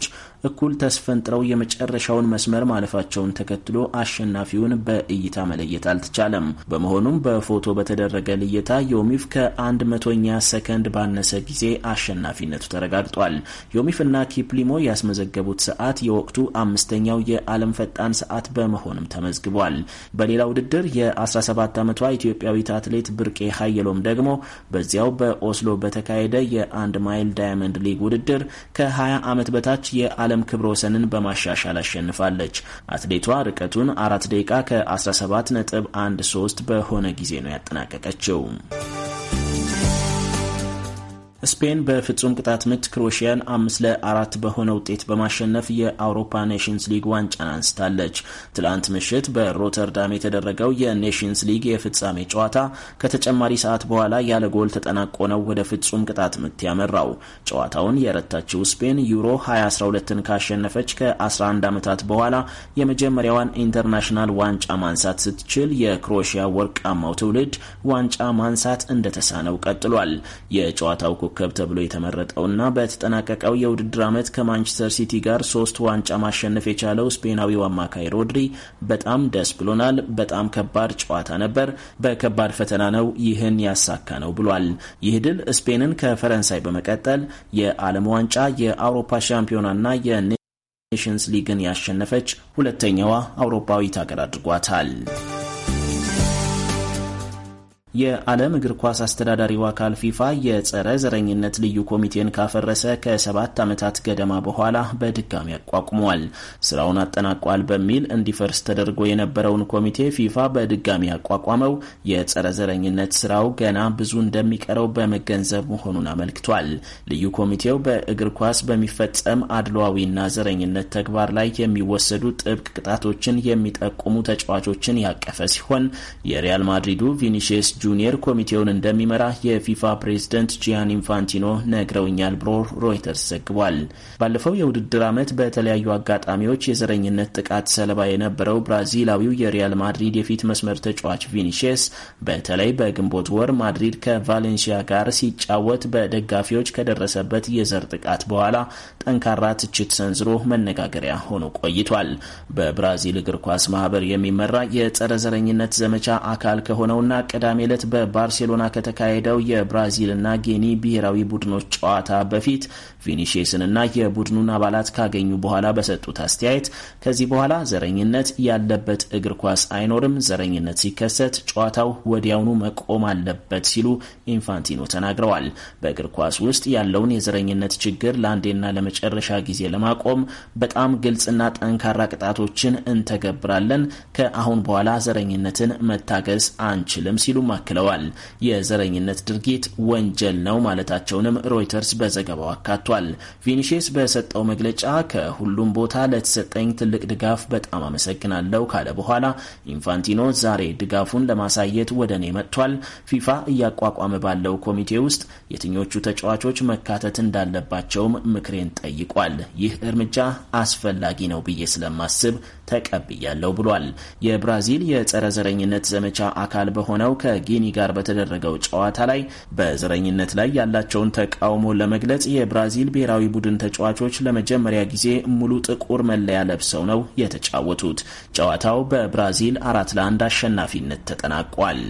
እኩል ተስፈንጥረው የመጨረሻውን መስመር ማለፋቸውን ተከትሎ አሸናፊውን በእይታ መለየት አልተቻለም። በመሆኑም በፎቶ በተደረገ ልየታ ዮሚፍ ከአንድ መቶኛ ሰከንድ ባነሰ ጊዜ አሸናፊነቱ ተረጋግጧል። ዮሚፍ እና ኪፕሊሞ ያስመዘገቡት ሰዓት የወቅቱ አምስተኛው የዓለም ፈጣን ሰዓት በመሆንም ተመዝግቧል። በሌላ ውድድር የ17 ዓመቷ ኢትዮጵያዊት አትሌት ብርቄ ሀየሎም ደግሞ በዚያው በኦስሎ በተካሄደ የአንድ ማይል ዳያመንድ ሊግ ውድድር ከ20 ዓመት በታች የዓለም የዓለም ክብረ ወሰንን በማሻሻል አሸንፋለች። አትሌቷ ርቀቱን አራት ደቂቃ ከ17 ነጥብ 13 በሆነ ጊዜ ነው ያጠናቀቀችው። ስፔን በፍጹም ቅጣት ምት ክሮኤሽያን አምስት ለአራት በሆነ ውጤት በማሸነፍ የአውሮፓ ኔሽንስ ሊግ ዋንጫን አንስታለች። ትላንት ምሽት በሮተርዳም የተደረገው የኔሽንስ ሊግ የፍጻሜ ጨዋታ ከተጨማሪ ሰዓት በኋላ ያለ ጎል ተጠናቆ ነው ወደ ፍጹም ቅጣት ምት ያመራው። ጨዋታውን የረታችው ስፔን ዩሮ 2012ን ካሸነፈች ከ11 ዓመታት በኋላ የመጀመሪያዋን ኢንተርናሽናል ዋንጫ ማንሳት ስትችል የክሮኤሽያ ወርቃማው ትውልድ ዋንጫ ማንሳት እንደተሳነው ቀጥሏል። የጨዋታው ኮከብ ተብሎ የተመረጠውና በተጠናቀቀው የውድድር ዓመት ከማንቸስተር ሲቲ ጋር ሶስት ዋንጫ ማሸነፍ የቻለው ስፔናዊው አማካይ ሮድሪ በጣም ደስ ብሎናል፣ በጣም ከባድ ጨዋታ ነበር፣ በከባድ ፈተና ነው ይህን ያሳካ ነው ብሏል። ይህ ድል ስፔንን ከፈረንሳይ በመቀጠል የዓለም ዋንጫ የአውሮፓ ሻምፒዮናና የኔሽንስ ሊግን ያሸነፈች ሁለተኛዋ አውሮፓዊት ሀገር አድርጓታል። የዓለም እግር ኳስ አስተዳዳሪው አካል ፊፋ የጸረ ዘረኝነት ልዩ ኮሚቴን ካፈረሰ ከሰባት ዓመታት ገደማ በኋላ በድጋሚ አቋቁሟል። ስራውን አጠናቋል በሚል እንዲፈርስ ተደርጎ የነበረውን ኮሚቴ ፊፋ በድጋሚ ያቋቋመው የጸረ ዘረኝነት ስራው ገና ብዙ እንደሚቀረው በመገንዘብ መሆኑን አመልክቷል። ልዩ ኮሚቴው በእግር ኳስ በሚፈጸም አድሏዊና ዘረኝነት ተግባር ላይ የሚወሰዱ ጥብቅ ቅጣቶችን የሚጠቁሙ ተጫዋቾችን ያቀፈ ሲሆን የሪያል ማድሪዱ ቪኒሽስ ጁኒየር ኮሚቴውን እንደሚመራ የፊፋ ፕሬዝደንት ጂያን ኢንፋንቲኖ ነግረውኛል ብሎ ሮይተርስ ዘግቧል። ባለፈው የውድድር ዓመት በተለያዩ አጋጣሚዎች የዘረኝነት ጥቃት ሰለባ የነበረው ብራዚላዊው የሪያል ማድሪድ የፊት መስመር ተጫዋች ቪኒሽስ በተለይ በግንቦት ወር ማድሪድ ከቫሌንሲያ ጋር ሲጫወት በደጋፊዎች ከደረሰበት የዘር ጥቃት በኋላ ጠንካራ ትችት ሰንዝሮ መነጋገሪያ ሆኖ ቆይቷል። በብራዚል እግር ኳስ ማህበር የሚመራ የጸረ ዘረኝነት ዘመቻ አካል ከሆነውና ቅዳሜ ዕለት በባርሴሎና ከተካሄደው የብራዚልና ጌኒ ብሔራዊ ቡድኖች ጨዋታ በፊት ቪኒሺየስንና የቡድኑን አባላት ካገኙ በኋላ በሰጡት አስተያየት ከዚህ በኋላ ዘረኝነት ያለበት እግር ኳስ አይኖርም፣ ዘረኝነት ሲከሰት ጨዋታው ወዲያውኑ መቆም አለበት ሲሉ ኢንፋንቲኖ ተናግረዋል። በእግር ኳስ ውስጥ ያለውን የዘረኝነት ችግር ለአንዴና ለመጨረሻ ጊዜ ለማቆም በጣም ግልጽና ጠንካራ ቅጣቶችን እንተገብራለን። ከአሁን በኋላ ዘረኝነትን መታገስ አንችልም ሲሉም አክለዋል። የዘረኝነት ድርጊት ወንጀል ነው ማለታቸውንም ሮይተርስ በዘገባው አካቷል። አስረድቷል። ቪኒሽስ በሰጠው መግለጫ ከሁሉም ቦታ ለተሰጠኝ ትልቅ ድጋፍ በጣም አመሰግናለሁ ካለ በኋላ ኢንፋንቲኖ ዛሬ ድጋፉን ለማሳየት ወደ እኔ መጥቷል። ፊፋ እያቋቋመ ባለው ኮሚቴ ውስጥ የትኞቹ ተጫዋቾች መካተት እንዳለባቸውም ምክሬን ጠይቋል። ይህ እርምጃ አስፈላጊ ነው ብዬ ስለማስብ ተቀብያለሁ ብሏል። የብራዚል የጸረ ዘረኝነት ዘመቻ አካል በሆነው ከጊኒ ጋር በተደረገው ጨዋታ ላይ በዘረኝነት ላይ ያላቸውን ተቃውሞ ለመግለጽ የብራዚል ብሔራዊ ቡድን ተጫዋቾች ለመጀመሪያ ጊዜ ሙሉ ጥቁር መለያ ለብሰው ነው የተጫወቱት። ጨዋታው በብራዚል አራት ለአንድ አሸናፊነት ተጠናቋል።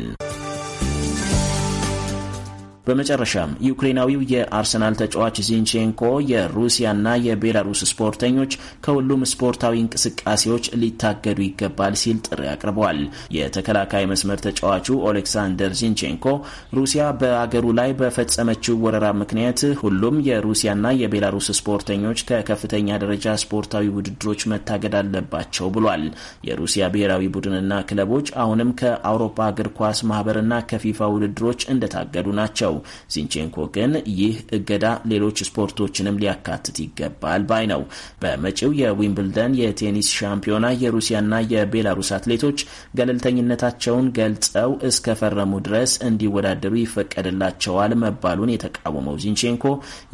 በመጨረሻም ዩክሬናዊው የአርሰናል ተጫዋች ዚንቼንኮ የሩሲያና የቤላሩስ ስፖርተኞች ከሁሉም ስፖርታዊ እንቅስቃሴዎች ሊታገዱ ይገባል ሲል ጥሪ አቅርበዋል። የተከላካይ መስመር ተጫዋቹ ኦሌክሳንደር ዚንቼንኮ ሩሲያ በአገሩ ላይ በፈጸመችው ወረራ ምክንያት ሁሉም የሩሲያና የቤላሩስ ስፖርተኞች ከከፍተኛ ደረጃ ስፖርታዊ ውድድሮች መታገድ አለባቸው ብሏል። የሩሲያ ብሔራዊ ቡድንና ክለቦች አሁንም ከአውሮፓ እግር ኳስ ማህበርና ከፊፋ ውድድሮች እንደታገዱ ናቸው። ናቸው። ዚንቼንኮ ግን ይህ እገዳ ሌሎች ስፖርቶችንም ሊያካትት ይገባል ባይ ነው። በመጪው የዊምብልደን የቴኒስ ሻምፒዮና የሩሲያና የቤላሩስ አትሌቶች ገለልተኝነታቸውን ገልጸው እስከፈረሙ ድረስ እንዲወዳደሩ ይፈቀድላቸዋል መባሉን የተቃወመው ዚንቼንኮ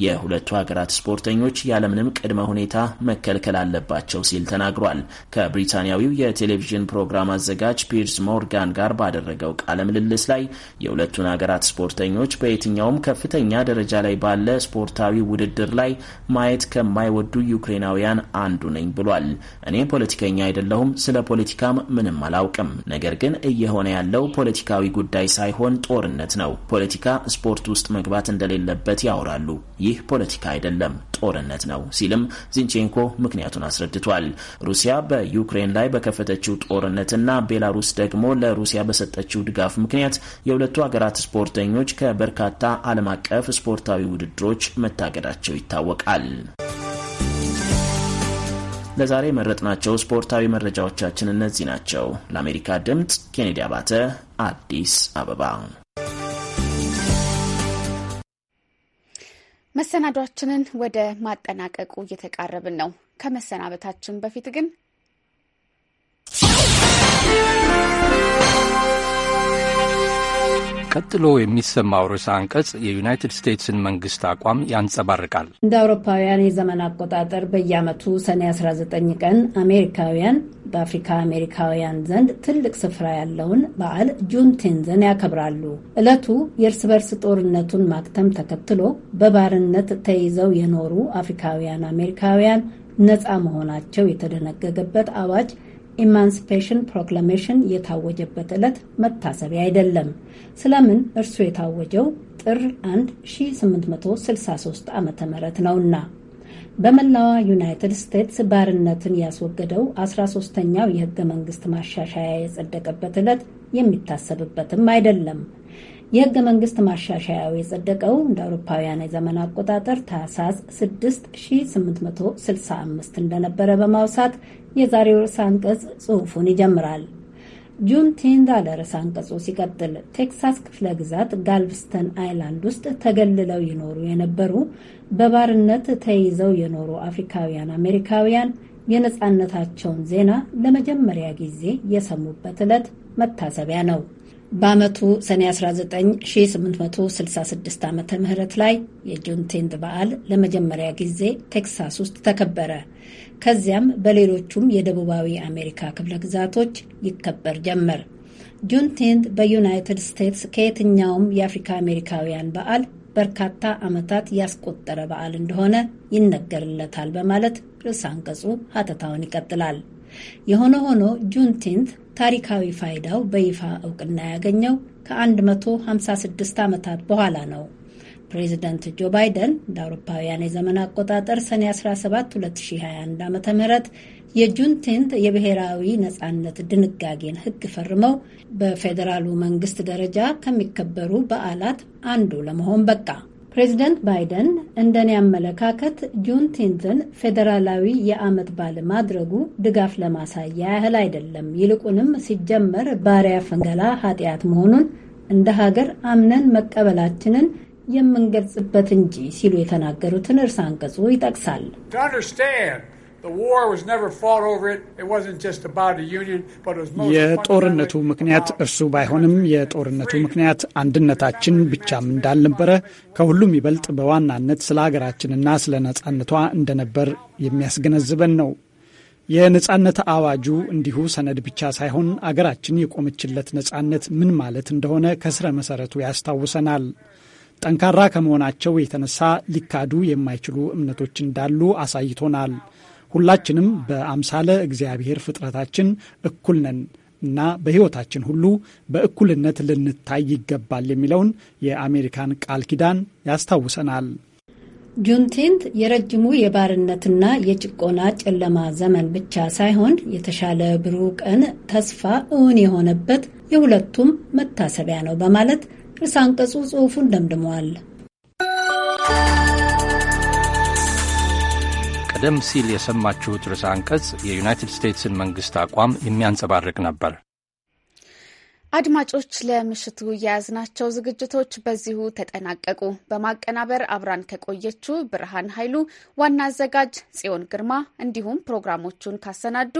የሁለቱ ሀገራት ስፖርተኞች ያለምንም ቅድመ ሁኔታ መከልከል አለባቸው ሲል ተናግሯል። ከብሪታንያዊው የቴሌቪዥን ፕሮግራም አዘጋጅ ፒርስ ሞርጋን ጋር ባደረገው ቃለ ምልልስ ላይ የሁለቱን ሀገራት ስፖርተኞች በ በየትኛውም ከፍተኛ ደረጃ ላይ ባለ ስፖርታዊ ውድድር ላይ ማየት ከማይወዱ ዩክሬናውያን አንዱ ነኝ ብሏል። እኔ ፖለቲከኛ አይደለሁም፣ ስለ ፖለቲካም ምንም አላውቅም። ነገር ግን እየሆነ ያለው ፖለቲካዊ ጉዳይ ሳይሆን ጦርነት ነው። ፖለቲካ ስፖርት ውስጥ መግባት እንደሌለበት ያወራሉ። ይህ ፖለቲካ አይደለም። ጦርነት ነው ሲልም ዚንቼንኮ ምክንያቱን አስረድቷል። ሩሲያ በዩክሬን ላይ በከፈተችው ጦርነትና ቤላሩስ ደግሞ ለሩሲያ በሰጠችው ድጋፍ ምክንያት የሁለቱ ሀገራት ስፖርተኞች ከበርካታ ዓለም አቀፍ ስፖርታዊ ውድድሮች መታገዳቸው ይታወቃል። ለዛሬ የመረጥናቸው ስፖርታዊ መረጃዎቻችን እነዚህ ናቸው። ለአሜሪካ ድምፅ ኬኔዲ አባተ አዲስ አበባ መሰናዷችንን ወደ ማጠናቀቁ እየተቃረብን ነው። ከመሰናበታችን በፊት ግን ቀጥሎ የሚሰማው ርዕሰ አንቀጽ የዩናይትድ ስቴትስን መንግስት አቋም ያንጸባርቃል። እንደ አውሮፓውያን የዘመን አቆጣጠር በየዓመቱ ሰኔ 19 ቀን አሜሪካውያን በአፍሪካ አሜሪካውያን ዘንድ ትልቅ ስፍራ ያለውን በዓል ጁንቴንዝን ያከብራሉ። ዕለቱ የእርስ በርስ ጦርነቱን ማክተም ተከትሎ በባርነት ተይዘው የኖሩ አፍሪካውያን አሜሪካውያን ነፃ መሆናቸው የተደነገገበት አዋጅ ኢማንስፔሽን ፕሮክላሜሽን የታወጀበት ዕለት መታሰቢያ አይደለም። ስለምን እርሱ የታወጀው ጥር 1 1863 ዓ ም ነውና በመላዋ ዩናይትድ ስቴትስ ባርነትን ያስወገደው 13 ተኛው የህገ መንግስት ማሻሻያ የጸደቀበት ዕለት የሚታሰብበትም አይደለም። የህገ መንግስት ማሻሻያው የጸደቀው እንደ አውሮፓውያን የዘመን አቆጣጠር ታህሳስ 6 1865 እንደነበረ በማውሳት የዛሬው ርዕሰ አንቀጽ ጽሑፉን ይጀምራል። ጁን ቴንድ አለ ርዕሰ አንቀጹ ሲቀጥል፣ ቴክሳስ ክፍለ ግዛት ጋልቭስተን አይላንድ ውስጥ ተገልለው ይኖሩ የነበሩ በባርነት ተይዘው የኖሩ አፍሪካውያን አሜሪካውያን የነፃነታቸውን ዜና ለመጀመሪያ ጊዜ የሰሙበት ዕለት መታሰቢያ ነው። በዓመቱ ሰኔ 19866 ዓ ም ላይ የጁንቴንድ በዓል ለመጀመሪያ ጊዜ ቴክሳስ ውስጥ ተከበረ። ከዚያም በሌሎቹም የደቡባዊ አሜሪካ ክፍለ ግዛቶች ይከበር ጀመር። ጁንቲንት በዩናይትድ ስቴትስ ከየትኛውም የአፍሪካ አሜሪካውያን በዓል በርካታ ዓመታት ያስቆጠረ በዓል እንደሆነ ይነገርለታል በማለት ርዕስ አንቀጹ ሀተታውን ይቀጥላል። የሆነ ሆኖ ጁንቲንት ታሪካዊ ፋይዳው በይፋ እውቅና ያገኘው ከ156 ዓመታት በኋላ ነው። ፕሬዚደንት ጆ ባይደን እንደ አውሮፓውያን የዘመን አቆጣጠር ሰኔ 17 2021 ዓ.ም የጁንቲንት የብሔራዊ ነጻነት ድንጋጌን ህግ ፈርመው በፌዴራሉ መንግስት ደረጃ ከሚከበሩ በዓላት አንዱ ለመሆን በቃ። ፕሬዚደንት ባይደን እንደኔ አመለካከት ጁንቲንትን ፌዴራላዊ የአመት ባል ማድረጉ ድጋፍ ለማሳያ ያህል አይደለም፣ ይልቁንም ሲጀመር ባሪያ ፍንገላ ኃጢአት መሆኑን እንደ ሀገር አምነን መቀበላችንን የምንገልጽበት እንጂ ሲሉ የተናገሩትን እርስ አንቀጹ ይጠቅሳል። የጦርነቱ ምክንያት እርሱ ባይሆንም የጦርነቱ ምክንያት አንድነታችን ብቻም እንዳልነበረ ከሁሉም ይበልጥ በዋናነት ስለ ሀገራችንና ስለ ነጻነቷ እንደነበር የሚያስገነዝበን ነው። የነጻነት አዋጁ እንዲሁ ሰነድ ብቻ ሳይሆን አገራችን የቆመችለት ነጻነት ምን ማለት እንደሆነ ከስረ መሰረቱ ያስታውሰናል። ጠንካራ ከመሆናቸው የተነሳ ሊካዱ የማይችሉ እምነቶች እንዳሉ አሳይቶናል። ሁላችንም በአምሳለ እግዚአብሔር ፍጥረታችን እኩል ነን እና በሕይወታችን ሁሉ በእኩልነት ልንታይ ይገባል የሚለውን የአሜሪካን ቃል ኪዳን ያስታውሰናል። ጁንቲንት የረጅሙ የባርነትና የጭቆና ጨለማ ዘመን ብቻ ሳይሆን የተሻለ ብሩህ ቀን ተስፋ እውን የሆነበት የሁለቱም መታሰቢያ ነው በማለት ርዕሰ አንቀጹ ጽሑፉን ደምድመዋል። ቀደም ሲል የሰማችሁት ርዕሰ አንቀጽ የዩናይትድ ስቴትስን መንግሥት አቋም የሚያንጸባርቅ ነበር። አድማጮች ለምሽቱ የያዝናቸው ዝግጅቶች በዚሁ ተጠናቀቁ። በማቀናበር አብራን ከቆየችው ብርሃን ኃይሉ፣ ዋና አዘጋጅ ጽዮን ግርማ እንዲሁም ፕሮግራሞቹን ካሰናዱ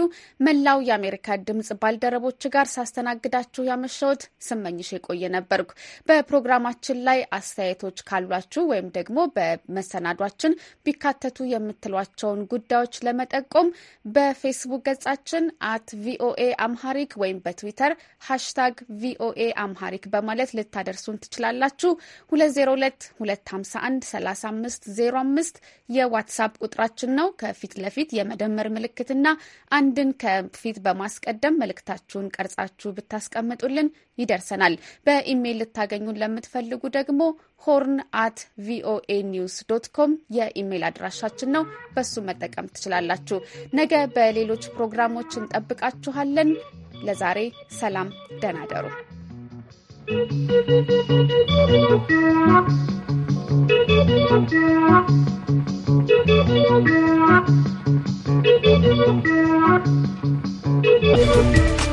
መላው የአሜሪካ ድምጽ ባልደረቦች ጋር ሳስተናግዳችሁ ያመሸሁት ስመኝሽ የቆየ ነበርኩ። በፕሮግራማችን ላይ አስተያየቶች ካሏችሁ ወይም ደግሞ በመሰናዷችን ቢካተቱ የምትሏቸውን ጉዳዮች ለመጠቆም በፌስቡክ ገጻችን አት ቪኦኤ አምሃሪክ ወይም በትዊተር ሃሽታግ ቪኦኤ አምሃሪክ በማለት ልታደርሱን ትችላላችሁ። 2022513505 የዋትሳፕ ቁጥራችን ነው። ከፊት ለፊት የመደመር ምልክትና አንድን ከፊት በማስቀደም መልእክታችሁን ቀርጻችሁ ብታስቀምጡልን ይደርሰናል። በኢሜይል ልታገኙን ለምትፈልጉ ደግሞ ሆርን አት ቪኦኤ ኒውስ ዶት ኮም የኢሜይል አድራሻችን ነው። በሱ መጠቀም ትችላላችሁ። ነገ በሌሎች ፕሮግራሞች እንጠብቃችኋለን። ለዛሬ ሰላም፣ ደህና ደሩ።